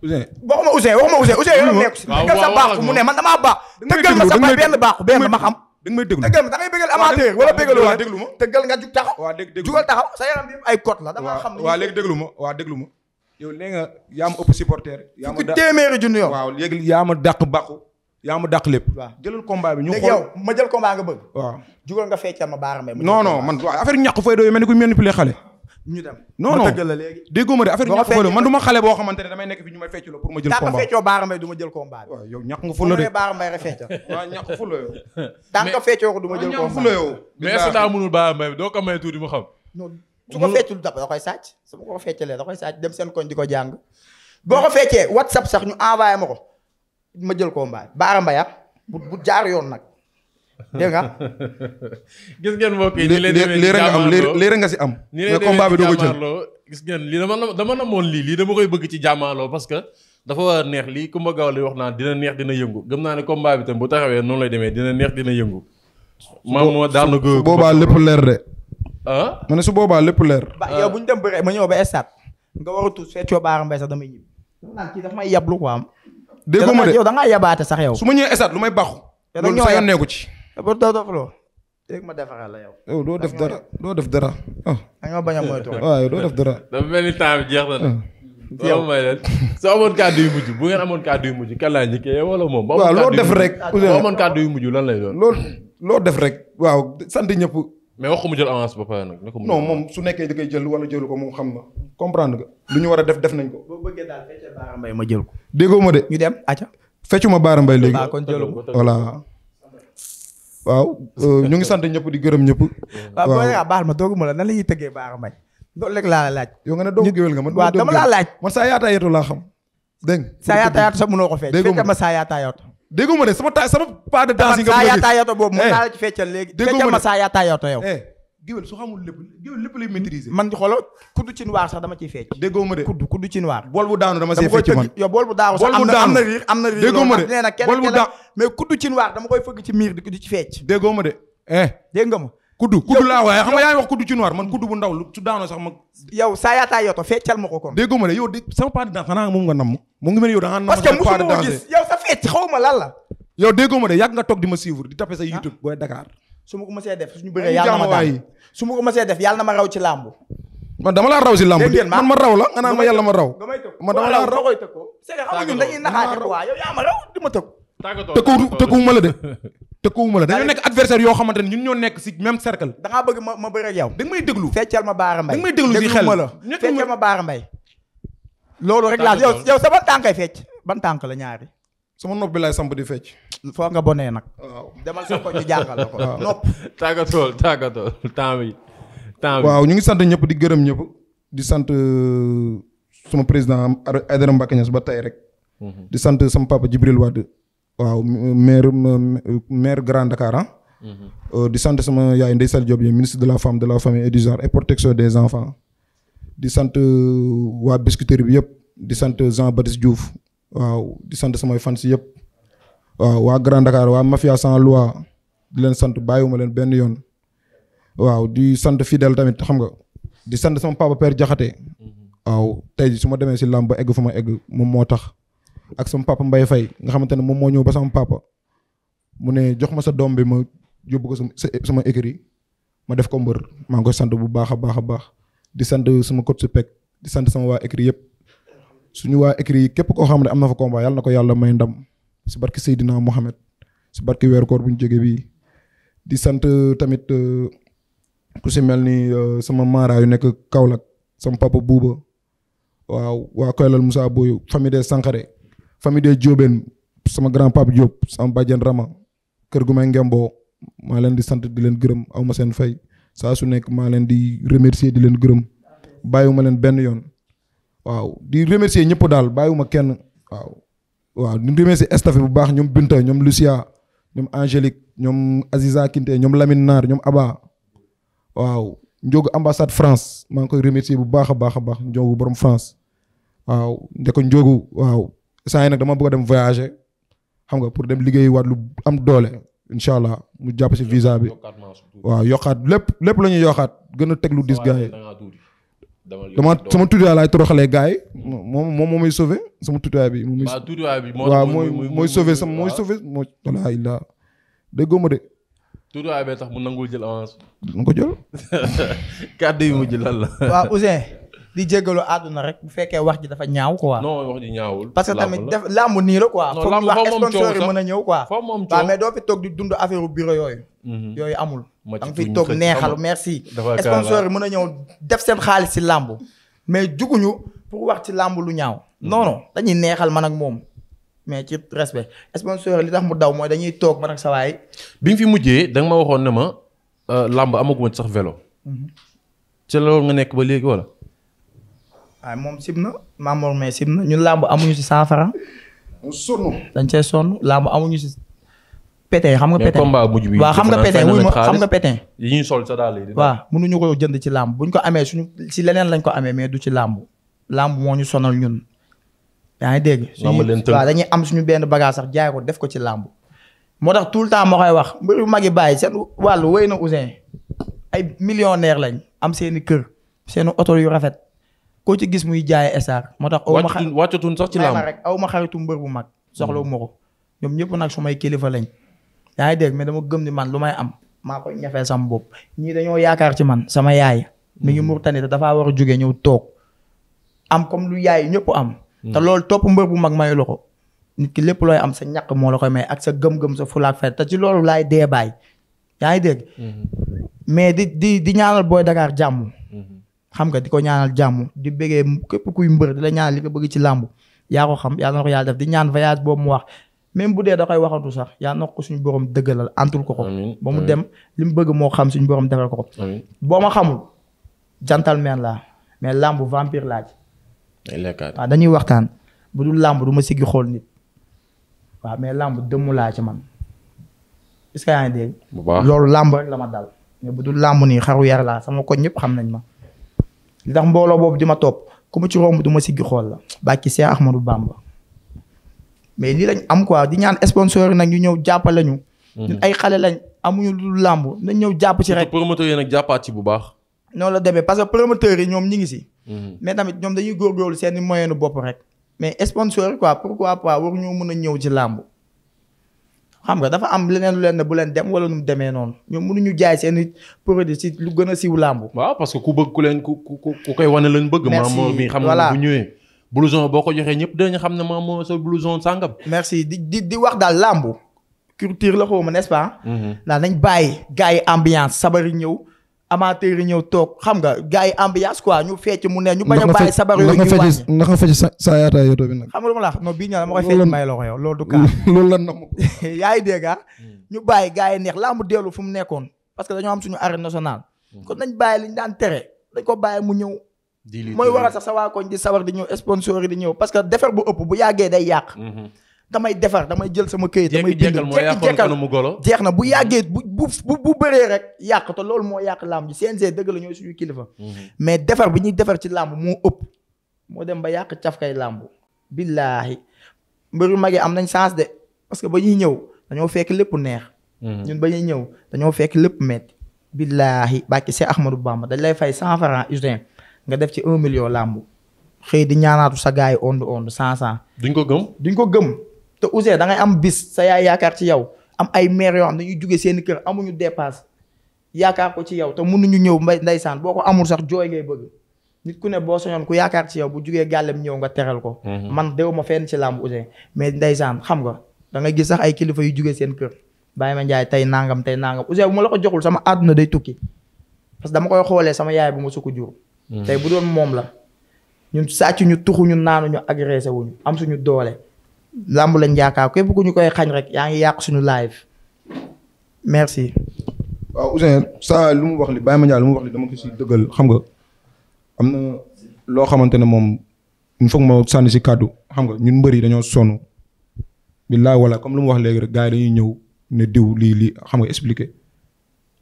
Ousseyn waxuma Ousseyn waxuma Ousseyn Ousseyn yow nekk si tëggal sa baaxu mu neex man damaa baax. tëggal ma sa benn baaxu benn ma da nga may déglu déggal ma da ngay bégal amateur wala bégalu waa déglu ma déggal nga jug taxaw waa dégg déglu jugal taxaw sa yaram bi ay cote la dama xam waa léegi déglu ma waa déglu ma yow léegi nga yaa ma ëpp supporter yaa ma téeméeri junni yow waaw léegi yaa ma dàq bàqu yaa ma dàq lépp waaw jëlal combat bi ñu xool ma jël combat nga bëgg waaw jugal nga feccal ma baara mbay non non man affaire ñàkk fay doo mel ni ku manipulé xale ñu dem non non déggoo ma de affaire ñàkk fayda man du ma xale boo xamante ne damay nekk fi ñu may feccu la pour ma jël combat feccoo Baara Mbaye du ma nga fulla de Baara Mbaye ko ma jël combat fulla yow mais est doo ko may tuuti mu xam non su ko feccul dab da koy sàcc su ma ko feccalee da koy sàcc dem seen koñ di ko jàng boo ko feccee whatsapp sax ñu envoyé ma ko ma jël combat Baara Mbaye ah, bu bu jaar yoon nag dégg nga. gis ngeen moo yi li leen nga am léer nga si am. ni mais combat bi doo ko jël gis ngeen lii dama dama namoon lii lii dama koy bëgg ci jàmmaaloo parce que dafa war a neex lii Coumba Gawlo wax naa dina neex dina yëngu gëm naa ne combat bi tam bu taxawee noonu lay demee dina neex dina yëngu. maam moo daanu ko su boobaa lépp leer de. ah ma ne su boobaa lépp leer. ba yow bu ñu dem bëree ma ñëw ba stade nga war a tuut feccoo baara mbay sax damay ñibbi. naan kii dafa may yablu quoi am. dégg ma de yow da ngaa yabaate sax yow. su ma ñëwee stade lu may baaxu. loolu neeku ci ba doo dof loo léegi ma defaral la yow. yow def dara doo def dara. Ah. da nga a moytu waaw yow doo def dara. dafa jeex na nag. Ah. yow may leen soo amoon kàddu yu mujj bu ngeen amoon kàddu yu mujj kan laa njëkkee wala moom. waaw loo def rek. boo amoon kàddu yu mujj lan lay doon. loolu loo def rek. waaw sant ñëpp. mais wax mu jël avance ba pare nag. moom su nekkee da koy jël wala jëlu ko moom xam na comprendre nga. lu ñu war a def def nañ ko. boo ma jël ko. déggoo ma de. ñu dem acca feccu ma baara mbay léegi. voilà waaw euh, ñu ngi sant ñëpp di gërëm ñëpp. waaw boo nee baal ma tooguma la nan la ñuy tëggee baax a may. loolu rek laa la laaj. yow nga ne doomu géwél nga man. waaw dama laa laaj. man saa yaata yetu laa xam. dégg nga saa yaata yaatu sax mënoo ko fecc. déggu ma ma saa yaata yaatu. déggu ma sama ta sama pas de nga bëgg a gis. saa yaata yaatu boobu mën eh. naa la léegi. déggu ma ne feccal ma saa yaata yaatu yow. Eh. géwél su xamul lépp géwél lay maîtriser. man xolo kuddu cin sax dama ciy fecc. déggoo ma de kuddu kuddu cin bool bu daanu dama see fecc déggoo ma de eh. nee déggoo ma de sama pas de xanaa moom nga nam mu ngi mel yow da nam parce que musuma yow sa fecc xaw ma lan la. yow dégg ma de yàgg nga toog di ma suivre di tapé sa ah. YouTube booy Dakar. su ma ko mësee def ñu bëree yàlla na ma daan su ma ko mësee def yàlla na ma raw ci làmb. man dama raw si làmb bi man ma raw la nga naan ma yàlla ma raw. man dama laa raw c'est que xam nga ñun dañuy naxaate quoi yow yaa ma raw di ma tëg. tëkkuwu tëkkuwuma la de. la dañoo nekk adversaire yoo xamante ne ñun ñoo nekk si même cercle. da ngaa bëgg ma ma bëre ak yow. da nga may déglu feccal ma baara mbay. da nga may déglu si xel feccal ma baara mbay. loolu rek laa yow yow sa ban tànkay fecc ban tànk la ñaari sama nopp bi laay samp di fecc. foo nga bonee nag. waaw demal sa ko ñu jàngal la ko. nopp tàggatool tàggatool temps bi waaw ñu ngi sant ñëpp di gërëm ñëpp. di sant euh, suma président Aïdara Mbacké Niass ba tey rek. Mhm. di sant sama papa Djibril Wade. waaw euh, maire euh, maire Grand ah. mhm. di sant sama yaay Ndeye Sall Diop ministre de la femme de la famille et du genre et protection des enfants. di sant waa biscuiterie bi yëpp. di sant Jean Baptiste Diouf waaw di sant samay si yëpp waaw waa Grand Dakar waa Mafia sant loi di leen sant bàyyiwuma leen benn yoon waaw di sant fidèle tamit xam nga di sant sama papa père Jaxate waaw tey su ma demee si làmb ba egg fu ma egg moom moo tax ak sama papa Mbaye Faye nga xamante ne moom moo ñëw ba sama papa mu ne jox ma sa doom bi ma yóbbu ko sama sama écurie ma def ko mbër maa ngi koy sant bu baax a baax a baax di sant sama coach su pek di sant sama waa écurie yëpp. suñu waa écrit yi képp koo xam ne am na fa combat yal na ko yàlla may ndam si barki Seydina Mohamed si barki weeru koor bu ñu jógee bii di sant euh, tamit euh, ku si mel ni euh, sama maara yu nekk Kaolack sama papa Bouba waaw waa Koylal Moussa Boy famille des Sankhare famille des Diobène sama grand papa Diop sama bàjjen Rama kër gu may ngemboo maa leen di sant di leen gërëm aw ma seen fay saa su nekk maa leen di remercier di leen gërëm bàyyiwu ma leen benn yoon. waaw di remercier ñëpp daal bàyyiwuma kenn waaw waaw di remercier staff bu baax ñoom Binta ñoom Lucia ñoom Angélique ñoom Aziza Kinte ñoom lamin Naar ñoom Aba waaw njóogu ambassade France maa ngi koy remercier bu baax a baax a baax njóogu borom France waaw nde ko njóogu waaw saa yi nag dama bëgg dem voyager xam nga pour dem liggéey waat lu am doole incha allah mu jàpp si visa bi waaw yokkaat lépp lépp la yokkaat gën a teg lu dis dama sama tuutiwaay laay toroxalee gars yi. moom moom moo may sauvé sama tuutiwaay bi. waaw tuutiwaay bi moo mooy mooy sauvé sama mooy sauvé mooy. wallaahi illaa déggoo ma de. tuutiwaay bee tax mu nangul jël avance. mu ko jël. kàddu yu mujj lan la. waaw li jégalu àdduna rek bu fekkee wax ji dafa ñaaw ko waa wax ji ñaawul. parce que tamit def làmb nii la quoi. non làmb wax sponsor yi mën a ñëw quoi. foofu moom mais doo fi toog di dund affaire bureau yooyu. Mhm. yooyu amul. da nga fiy toog neexal merci. sponsor yi mën a ñëw def seen xaalis ci làmb. mais juguñu pour wax ci làmb lu ñaaw. Mhm. non dañuy neexal man ak moom. mais ci respect sponsor li tax mu daw mooy dañuy toog man ak sa waay. bi nga fi mujjee da nga ma waxoon ne ma euh, làmb amaguma sax vélo. Mhm. ci loolu nga nekk ba léegi wala. waaye ah, moom sib na Mamor mais sib na ñun làmb amuñu si cent franc. sonn dañ cee sonn làmb amuñu si. pétin xam nga pétin waaw xam nga pétin wuy ma xam nga pétin yi ñuy sol sa daal yi waaw mënuñu ko jënd ci làmb bu ñu ko amee suñu si leneen lañ ko amee mais du ci làmb làmb moo ñu sonal ñun yaa ngi dégg waaw dañuy am suñu benn bagage sax jaay ko def ko ci làmb moo tax tout le temps ma koy wax mbir mag yi bàyyi seen wàllu wéy na ousin ay millionnaire lañ am seeni kër seeni oto yu rafet koo ci gis muy jaay esaar moo tax. aw ma xa wàccatuñ sax ci làmb rek aw ma xaritu mbër bu mag. soxla ma ko hmm. ñoom ñëpp nag su may kilifa lañ. yaa ngi dégg mais dama gëm ni man lu may am maa koy sama bopp ñii dañoo yaakaar ci man sama yaay. Hmm. mi ngi murtani te dafaa war a jógee ñëw toog. am comme lu yaay ñëpp am. Hmm. te loolu topp mbër bu mag mayu la ko. nit ki lépp looy am sa ñàkk moo la koy ak sa gëm-gëm sa te ci loolu laay dee baay yaa ngi dégg. di ñaanal booy Dakar jàmm. xam nga di ko ñaanal jàmm di bëggee képp kuy mbër di la ñaanal li nga bëgg ci làmb yaa ko xam yaa na ko yàlla def di ñaan voyage boobu mu wax même bu dee da koy waxantu sax yàlla na ko suñu borom dëggalal antul ko ko ba mu dem li mu bëgg moo xam suñu borom defal ko ko boo ma xamul gentleman laa mais làmb vampire laaj waaw dañuy waxtaan bu dul làmb du ma siggi xool nit waaw mais làmb dëmmu laa ci man est-ce yaa ngi dégg loolu làmb rek la ma dal mais bu dul làmb nii xaru yar laa sama koñ ñëpp xam nañ ma ndax mbooloo boobu di ma topp ku mu ci romb du ma siggi xool la bàkki Seex Ahmadou Bamba mais lii lañ am quoi di ñaan sponsor yi nag ñu ñëw jàppale ñu. Mhm. ñun ay xale lañ amuñu lu làmb nañ ñëw jàpp ci rek. promoteur yi nag jàppaat ci bu baax. noonu la demee parce que promoteurs yi ñoom ñi ngi si. Mhm. mais tamit ñoom dañuy góorgóorlu seen moyenu bopp rek. mais sponsor quoi pourquoi pas ñoo mën a ñëw ci làmb xam nga dafa am leneen lu leen ne bu leen dem wala nu mu demee noonu ñoom mënuñu jaay seen i produit si lu gën a siiw làmb. waaw parce ku bëgg ku leen ku ku ku koy wane lañ bëgg. merci maam xam nga bu ñëwee. blouson boo ko joxee ñëpp dañu xam ne maam moo sa blouson sàngam. merci di di di wax daal làmb culture la xaw ma n'est-ce pas. Mhm. ndax nañ bàyyi gars yi ambiance sabar yi ñëw. amateur yi ñëw toog xam nga gars yi ambiance ñu fecc mu ne ñu bañ a bàyyi sabar yooyu ñuy wàññi ndax nga fecc sa yaata yoto bi xam nga lu ma la wax dellu fu mu nekkoon parce que dañoo am suñu arène nationale hmm. kon nañ bàyyi liñ daan tere dañ ko bàyyi mu ñëw mooy waral sax sa waa koñ di sabar di ñëw sponsor di ñëw parce que defar bu ëpp bu yàggee day yàq hmm. damay defar damay jël sama këyit damay bind jekki-jekkal jeex na bu yàggee bu bu bu bëree rek yàq te loolu moo yàq làmb ji CNG dëgg la ñooy suñu kilifa mhm. mais defar bi ñuy defar ci làmb moo ëpp moo dem ba yàq cafkay làmb billaahi mbëru mag yi am nañ chance de parce que ba ñuy ñëw dañoo fekk lépp neex mhm. ñun ba ñuy ñëw dañoo fekk lépp metti billaahi bàkki see Ahmadou Bamba dañ lay fay cent franc usine nga def ci un million làmb xëy di ñaanaatu sa gaay ondu ondu cent cent duñ ko gëm duñ ko gëm te Ouzin da ngay am bis sa yaay yaakaar ci yow am ay maire yoo xam ne dañuy jugee seen kër amuñu dépasse yaakaar ko ci yow te mun ñu ñëw mbay ndeysaan boo ko amul sax jooy ngay bëgg nit ku ne boo soñoon ku yaakaar ci yow bu jugee gàllem ñëw nga tereel ko. Mhm. man dew ma fenn ci làmb Ouzin mais ndeysaan xam nga da ngay gis sax ay kilifa yu jugee seen kër bàyyi ma njaay tey nangam tey nangam Ouzin bu ma la ko joxul sama àdduna day tukki parce que dama koy xoolee sama yaay bu ma sukk jur. Mhm. tey bu doon moom la ñun sàcc ñu naanu ñu agressé wuñu am suñu doole làmb lañ yaakaar képp ku ñu koy xañ rek yaa ngi yàq suñu live merci. waaw Ouzin saa lu mu wax li Baye Mandiaye lu mu wax li dama ko si dëggal xam nga am na loo xamante ne moom mu foog ma sànni si kàddu xam nga ñun mbër yi dañoo sonn billaay wala comme lu mu wax léegi rek gars yi dañuy ñëw ne diw lii lii xam nga expliqué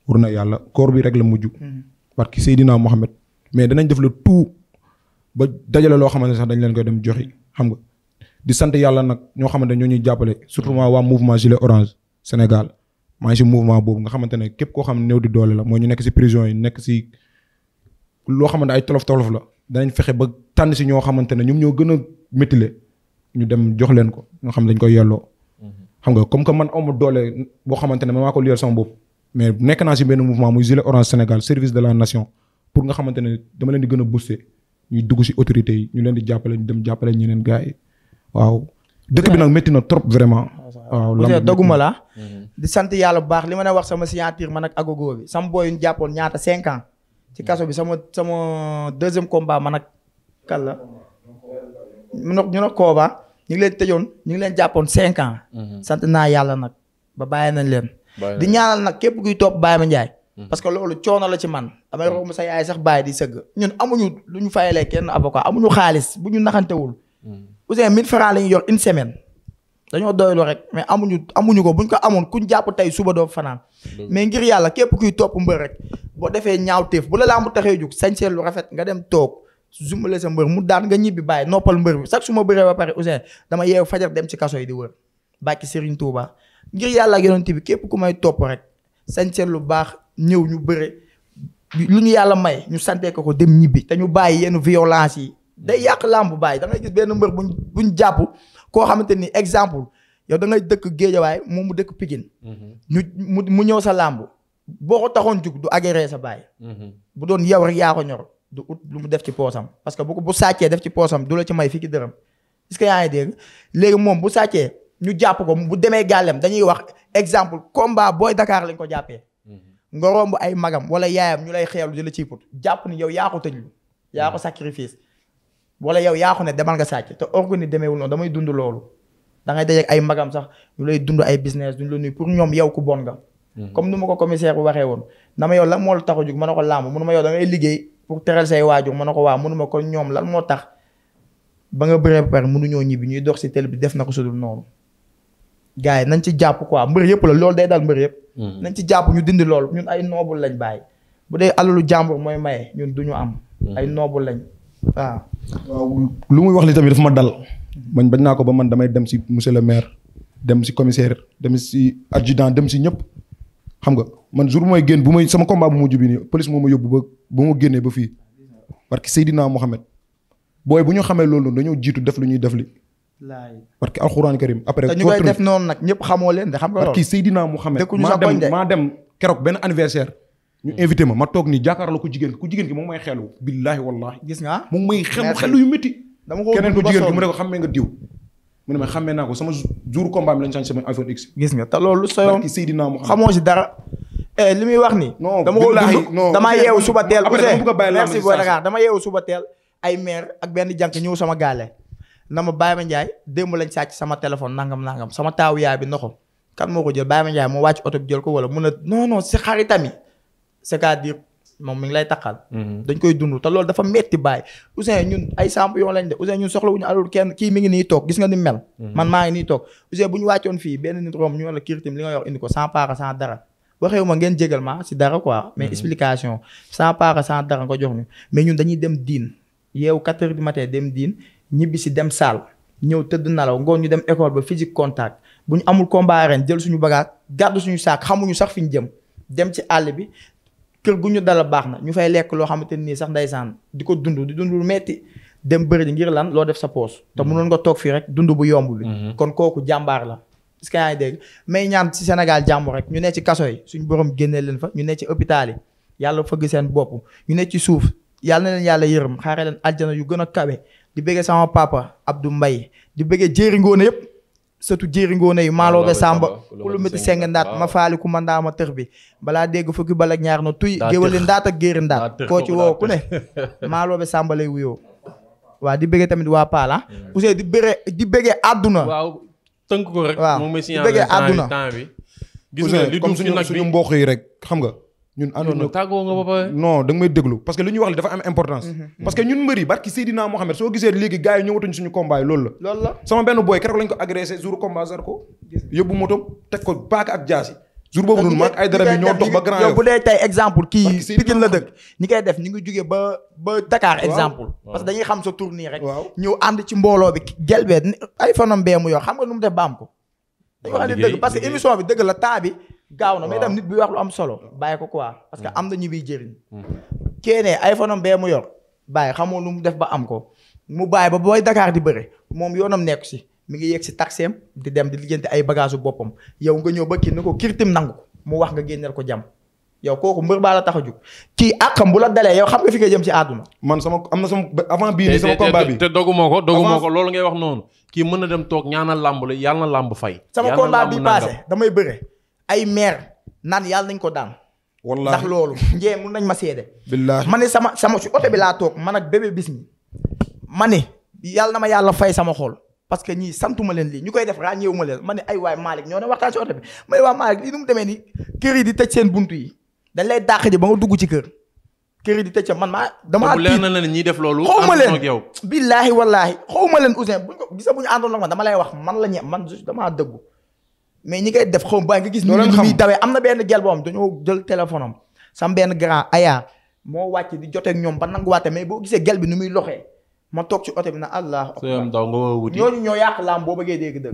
war na yàlla koor bi rek la mujj. parce mhm. que Mohamed mais danañ def le tout ba dajale loo xamante ne sax dañ leen koy dem joxi di sant yàlla nag ñoo xamante ñoo ñuy jàppale surtout maa waa mouvement gilet orange Sénégal maa ngi si mouvement boobu nga xamante ne képp koo xam néew di doole la mooy ñu nekk si prison yi nekk si loo xamante ay tolof tolof la danañ fexe ba tànn si ñoo xamante ne ñoom ñoo gën a métile ñu jox leen ko ñoo xam dañ koy yelloo. Mm-hmm. xam nga comme que man amu boo xamante ne man maa ko liyal sama bopp. mais nekk naa si benn mouvement muy gilet orange Sénégal la nation pour nga xamante ne dama leen di gën a booster ñuy dugg si autorités yi ñu leen di jàppale ñu dem jàppale ñeneen gars yi. waaw dëkk bi nag métti na trop vraiment. waaw lamb doguma la mhm. di sant yàlla bu baax li ma ne wax sama signature man ak agogo bi sama booy yu ñu jàppoon ñaata cinq ci kaso bi sama sama deuxième combat man ak kan la ñu ne ñu Kooba ñu ngi leen tëjoon ñu ngi leen jàppoon cinquant mhm. sant naa yàlla nag ba bàyyi nañ leen. di ñaanal nag képp kuy topp Baye Mandiaye. Mhm. parce que loolu coono la ci man. damay romb sa yaay sax bàyyi di sëgg. ñun amuñu lu ñu fayalee kenn avocat amuñu xaalis bu ñu naxantewul. Ouzin min francs la ñu yor une semaine dañoo doylu rek mais amuñu amuñu ko buñ ko amoon kuñ jàpp tey suba doo fanaan. mais ngir yàlla képp kuy topp mbër rek boo defee ñaawteef bu la làmb taxee jug sañseel lu rafet nga dem toog zumbale sa mbër mu daan nga ñibbi bàyyi noppal mbër bi chaque su ba pare Ouzin dama yeewu fajar dem ci kaso yi di wër bàkki Serigne Touba ngir yàlla ak yonent bi képp ku may topp rek sañseel lu baax ñëw ñu bëre lu ñu yàlla may ñu santee ko ko dem ñibbi te ñu bàyyi yenn violence yi. day yàq làmb bàyyi da ngay gis benn mbër bu ñu jàpp koo xamante ni exemple yow da ngay dëkk géejawaay moom mu dëkk Pikine mhm. ñu mu mu ñëw sa làmb boo ko taxoon jug du agéré sa bàyyi mhm. bu doon yow rek yaa ko ñor du ut lu mu def ci poosam parce que bu ko bu sàccee def ci poosam du la ci may fii ki dërëm est-ce que yaa ngi dégg léegi moom bu sàccee ñu jàpp ko bu demee gàllem dañuy wax exemple combat booy dakaar lañ ko jàppee mhm. nga romb ay magam wala yaayam ñu lay xeelu di la ciy put jàpp ni yow yaa ko tëjlu yaa wala yow yaa ko ne demal nga sàcc te organi demeewul noonu damay dund loolu dangay ngay ay magam sax ñu lay dund ay business duñ ñu nuyu pour ñoom yow ku bon nga. Mm-hmm. comme ni ma ko commissaire bi waxee woon. na ma yow lan moo la tax a jug mën na ko làmb mën ma yow da ngay liggéey pour teral ko waa mën ma ko ñoom lan moo tax ba nga bëree pare mënuñoo ñibbi ñuy dox si télé bi def na ko sudul noonu. gars yi nañ ci jàpp quoi mbër yëpp la loolu day dal mbër yëpp. Mm-hmm. nañ ci jàpp ñu dindi loolu ñun ay noobu lañ bàyyi. bu dee alalu jàmbur mooy maye ñun du ñu am. Mm-hmm. ay noobul lañ waaw. waaw lu muy wax li tamit dafa ma dal mañ bañ naa ko ba man damay dem si monsieur le maire dem si commissaire dem si adjudant dem si ñëpp xam nga man jour bu may génn bu may sama combat bu mujj bi nii police moo ma yóbbu ba bu ma génnee ba fii parce que Seydina Mohamed booy bu ñu xamee loolu dañoo jiitu def lu ñuy def li parce que alxuraan karim après ñu noonu nag ñëpp xamoo leen de xam nga loolu parce que Seydina Mohamed maa dem maa dem benn anniversaire ñu invité ma ma toog ni jàkkaarloo ku jigéen ku jigéen ki moom may xelu billaahi wallaahi gis nga moom may xelu xelu yu métti dama ko keneen ku jigéen ki mu ne nga diw mu ne ma naa ko sama jour combat bi lañ sañ sama iPhone X gis nga te loolu soyoon Seydina Muhammad xamoo si dara eh, li muy wax ni dama ko dund dama yeewu suba teel merci booy Dakar dama yeewu suba teel ay maire ak benn jànk ñëw sama gaale na ma Baye Mandiaye démb lañ sàcc sama téléphone nangam nangam sama taaw yaay bi noxo kan moo ko jël Baye Mandiaye moo wàcc oto bi jël ko wala mun a non non si xaritami c'est-à-dire moom mu ngi lay taxal. Mhm. dañ koy dund te loolu dafa metti baay. Ouzin ñun ay champion lañ de Ouzin ñun soxla wuñu alul kenn kii mi ngi nii toog gis nga ni mel. Mhm. man maa ngi nii toog Ouzin bu ñu wàccoon fii benn nit romb ñu ne la kiritim li nga yor indi ko sans para sans ma ngeen jégal ma si dara quoi mais mhm. explication sans para sans dara nga jox ñu mais ñun dañuy dem diin yeewu 4 heures du matin dem diin ñibbi si dem saal ñëw tëdd nalaw ngoon ñu dem école ba physique contact bu ñu amul combat jël suñu bagage gàddu suñu saak xamuñu sax fi ñu jëm dem ci àll bi kër gu ñu dala baax na ñu fay lekk loo xamante nii sax ndeysaan di ko dund di dund lu metti dem bëri di ngir lan loo def sa poos te mënoon mhm. nga toog fii rek dund bu yomb bi mhm. kon kooku jàmbaar la est-ce que dégg may ñaan ci senegal jàmbur rek ñu ne ci kaso yi suñu borom génnee leen fa ñu ne ci hôpital yi yàlla fëgg seen bopp ñu ne ci suuf yàlla na leen yàlla yërëm xaare leen aljana yu gën a kawe di bëggee sama papa du mbay di bëggee jëriñoo na yëpp sëtu jéringoone yu maaloobe sàmba kulu mbiti seng ndaat ma faali ku ma ndaama bi balaa dégg fukki bal ñaar na tuy géwali ndaat ak géeri ndaat koo ci woo ku ne maaloobe sàmba lay wuyoo waa di bëggee tamit waa paala ah. hmm. Ouzin di bëre di bëggee àdduna waaw tënk ko di bëggee àdduna gis nga li comme suñu mbokk yi rek xam nga ñun àndoon na tàggoo nga ba pare non da nga may déglu parce que li ñuy wax li dafa am importance mhm. parce que ñun mbëri barki Seydina Mohamed soo gisee léegi gars yi ñëwatuñ suñu combat loolu la sama benn booy keroog ko agressé koy def ñu ngi jógee ba ba Dakar exemple parce que dañuy xam sa tour nii rek ñëw ànd ci mbooloo bi gelbee ay fanam bee mu yoo xam nga nu mu def baam ko dañ wax dëgg parce que émission bi dëgg la taa bi gaaw na mais tam nit bi wax lu am solo bàyyi ko quoi parce que hmm. am na ñu biy jëriñ hmm. kéenee iPhone am bee mu yor bàyyi xamoo lu mu def ba am ko mu bàyyi ba booy dakaar di bëre moom yoonam nekku si mu ngi yegg si taxeem di dem di lijjanti ay bagage boppam yow nga ñëw ba kii ni ko kirtim nangu mu wax nga génneel ko jàmm yow kooku mbër baa la tax a jug kii àqam bu la dalee yow xam nga fi nga jëm ci àdduna. man sama am na sama avant bii nii sama combat bi te dogu ko dogu ko loolu ngay wax noonu kii mën na dem toog ñaanal làmb la yàlla làmb fay. sama ay maire naan yàlla nañ ko daan. wallaahi ndax loolu. njee mun nañ ma seede. billaahi ma ne sama sama ci oto bi laa toog man ak bébé bis mi. ma ne yàlla na ma yàlla fay sama xol. parce que ñii santuma leen lii ñu koy def raa ràññeewu ma leen ma ne ay waay Malick ñoo ne waxtaan ci oto bi ma ne waa Malick lii nu mu demee nii kër di tëj seen buntu yi dañ lay dàq ji ba nga dugg ci kër. kër yi di tëj man maa damaa. tiit leer na la ñuy def loolu. ma leen billaahi wallaahi xaw ma leen ko gisa bu ñu àndoon dama lay wax man la ñu man dama dëggu mais ñi koy def xaw ma nga gis. loolu la muy dawee am benn gel dañoo jël téléphone sam benn grand aya moo wàcc di joteeg ñoom ba nanguwaate mais boo gisee bi nu muy loxee ma toog ci oto bi na allah. sëñ daw nga wuti ñoo yàq laam boo bëggee dégg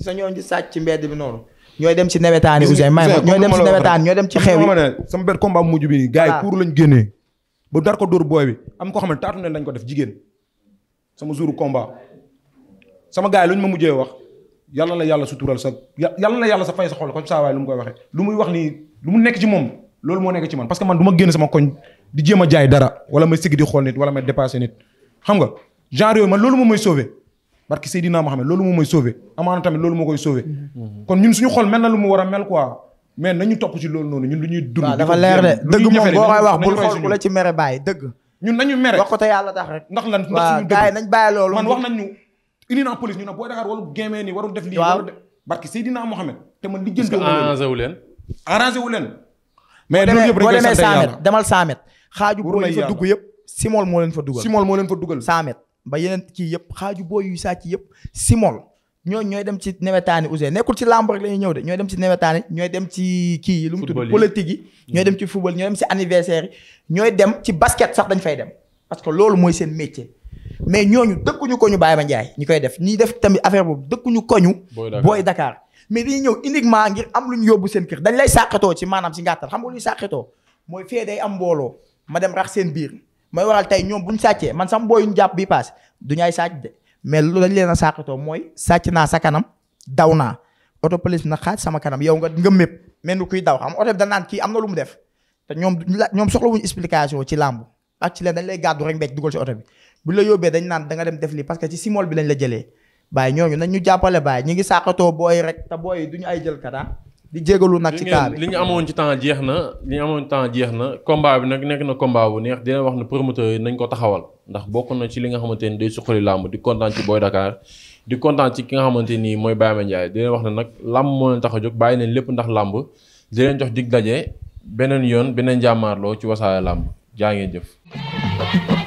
sa ñooñu di ci mbedd bi noonu. ñooy dem si newetaani Ousseyn ma ñooy dem ci newetaan ñooy dem ci xew yi. sama benn combat mujj bi gars yi pour ah. lañ génnee. ba dar ko dóor booy bi am ko xam ne taatu ne lañ ko def jigéen sama jour combat sama gars yi luñ ma mujjee wax yàlla la yàlla sutural sa yàlla la yàlla sa fay sa xol comme ça lu mu koy waxee lu muy wax nii lu mu nekk ci moom loolu moo nekk ci man parce que man du ma génn sama koñ di jéem a jaay dara wala may loolu moom mooy sauvé amaana tamit loolu moo koy sauvé mm-hmm. kon ñun suñu xol mel na lu mu war a mel quoi mais nañu topp ci loolu noonu ñun lu ñuy dund dafa leer de dëgg moom boo koy wax bul xool ku la ci mere bàyyi dëgg ñun nañu mere wax indi naa police ñu ne booy Dakar waru gémmee nii waru def lii. waaw barki Seydina Mohamed. te man li jënd arrangé wu leen. arrangé wu leen. mais loolu yëpp dañ koy sant yàlla demal 100 mètres xaaju booy fa dugg yëpp simol moo leen fa dugal simol moo leen fa dugal 100 ba yeneen kii yëpp xaaju booy yu sàcc yëpp simol ñooñu ñooy dem ci newetaani Ousseyn nekkul ci lamb rek la ñuy ñëw de ñooy dem ci newetaani ñooy dem ci kii yi lu mu tudd politique yi ñooy dem ci football ñooy dem ci anniversaire yi ñooy dem ci basket sax dañ fay dem parce que loolu mooy seen métier mais ñooñu dëkkuñu koñu Baye Mandiaye ñi koy def nii def tamit affaire boobu dëkkuñu koñu booy Dakar mais dañuy ñëw uniquement ngir am lu ñu yóbbu seen kër dañ lay sàqatoo ci maanaam si ngàttal xam nga luy sàqatoo mooy fee day am mbooloo ma dem seen biir mooy waral tey ñoom buñ sàccee man sam booy jàpp bi paas du ñaay sàcc de mais lu dañ leen a sàqatoo mooy sàcc naa sa kanam daw naa oto police na xaaj sama kanam yow nga nga mépp mel ni kuy daw xam oto bi da naan kii am na lu mu def te ñoom ñoom soxla wuñu explication ci làmb ak ci leen dañ lay gàddu rek mbéj dugal ci oto bi bu la yóbbee dañ naan danga dem def lii parce que ci simol bi lañ la jëlee baay ñooñu nañ ñu jàppale baay ñu ngi sàqatoo booy rek te booy duñu ay jël kata ah. di jégalu nag ci cas bi li ñu amoon ci temps jeex na li amoon temps jeex na combat bi nag nekk na combat bu neex dina wax ne promoteur yi nañ ko taxawal ndax bokk na ci li nga xamante ni day suqali làmb di kontaan ci Boy Dakar di kontaan ci ki nga xamante nii mooy Baye Mandiaye dina wax na nag làmb moo leen tax a jóg bàyyi leen lépp ndax làmb di leen jox dig daje beneen yoon beneen jàmmaarloo ci Wassare Làmb jaa ngeen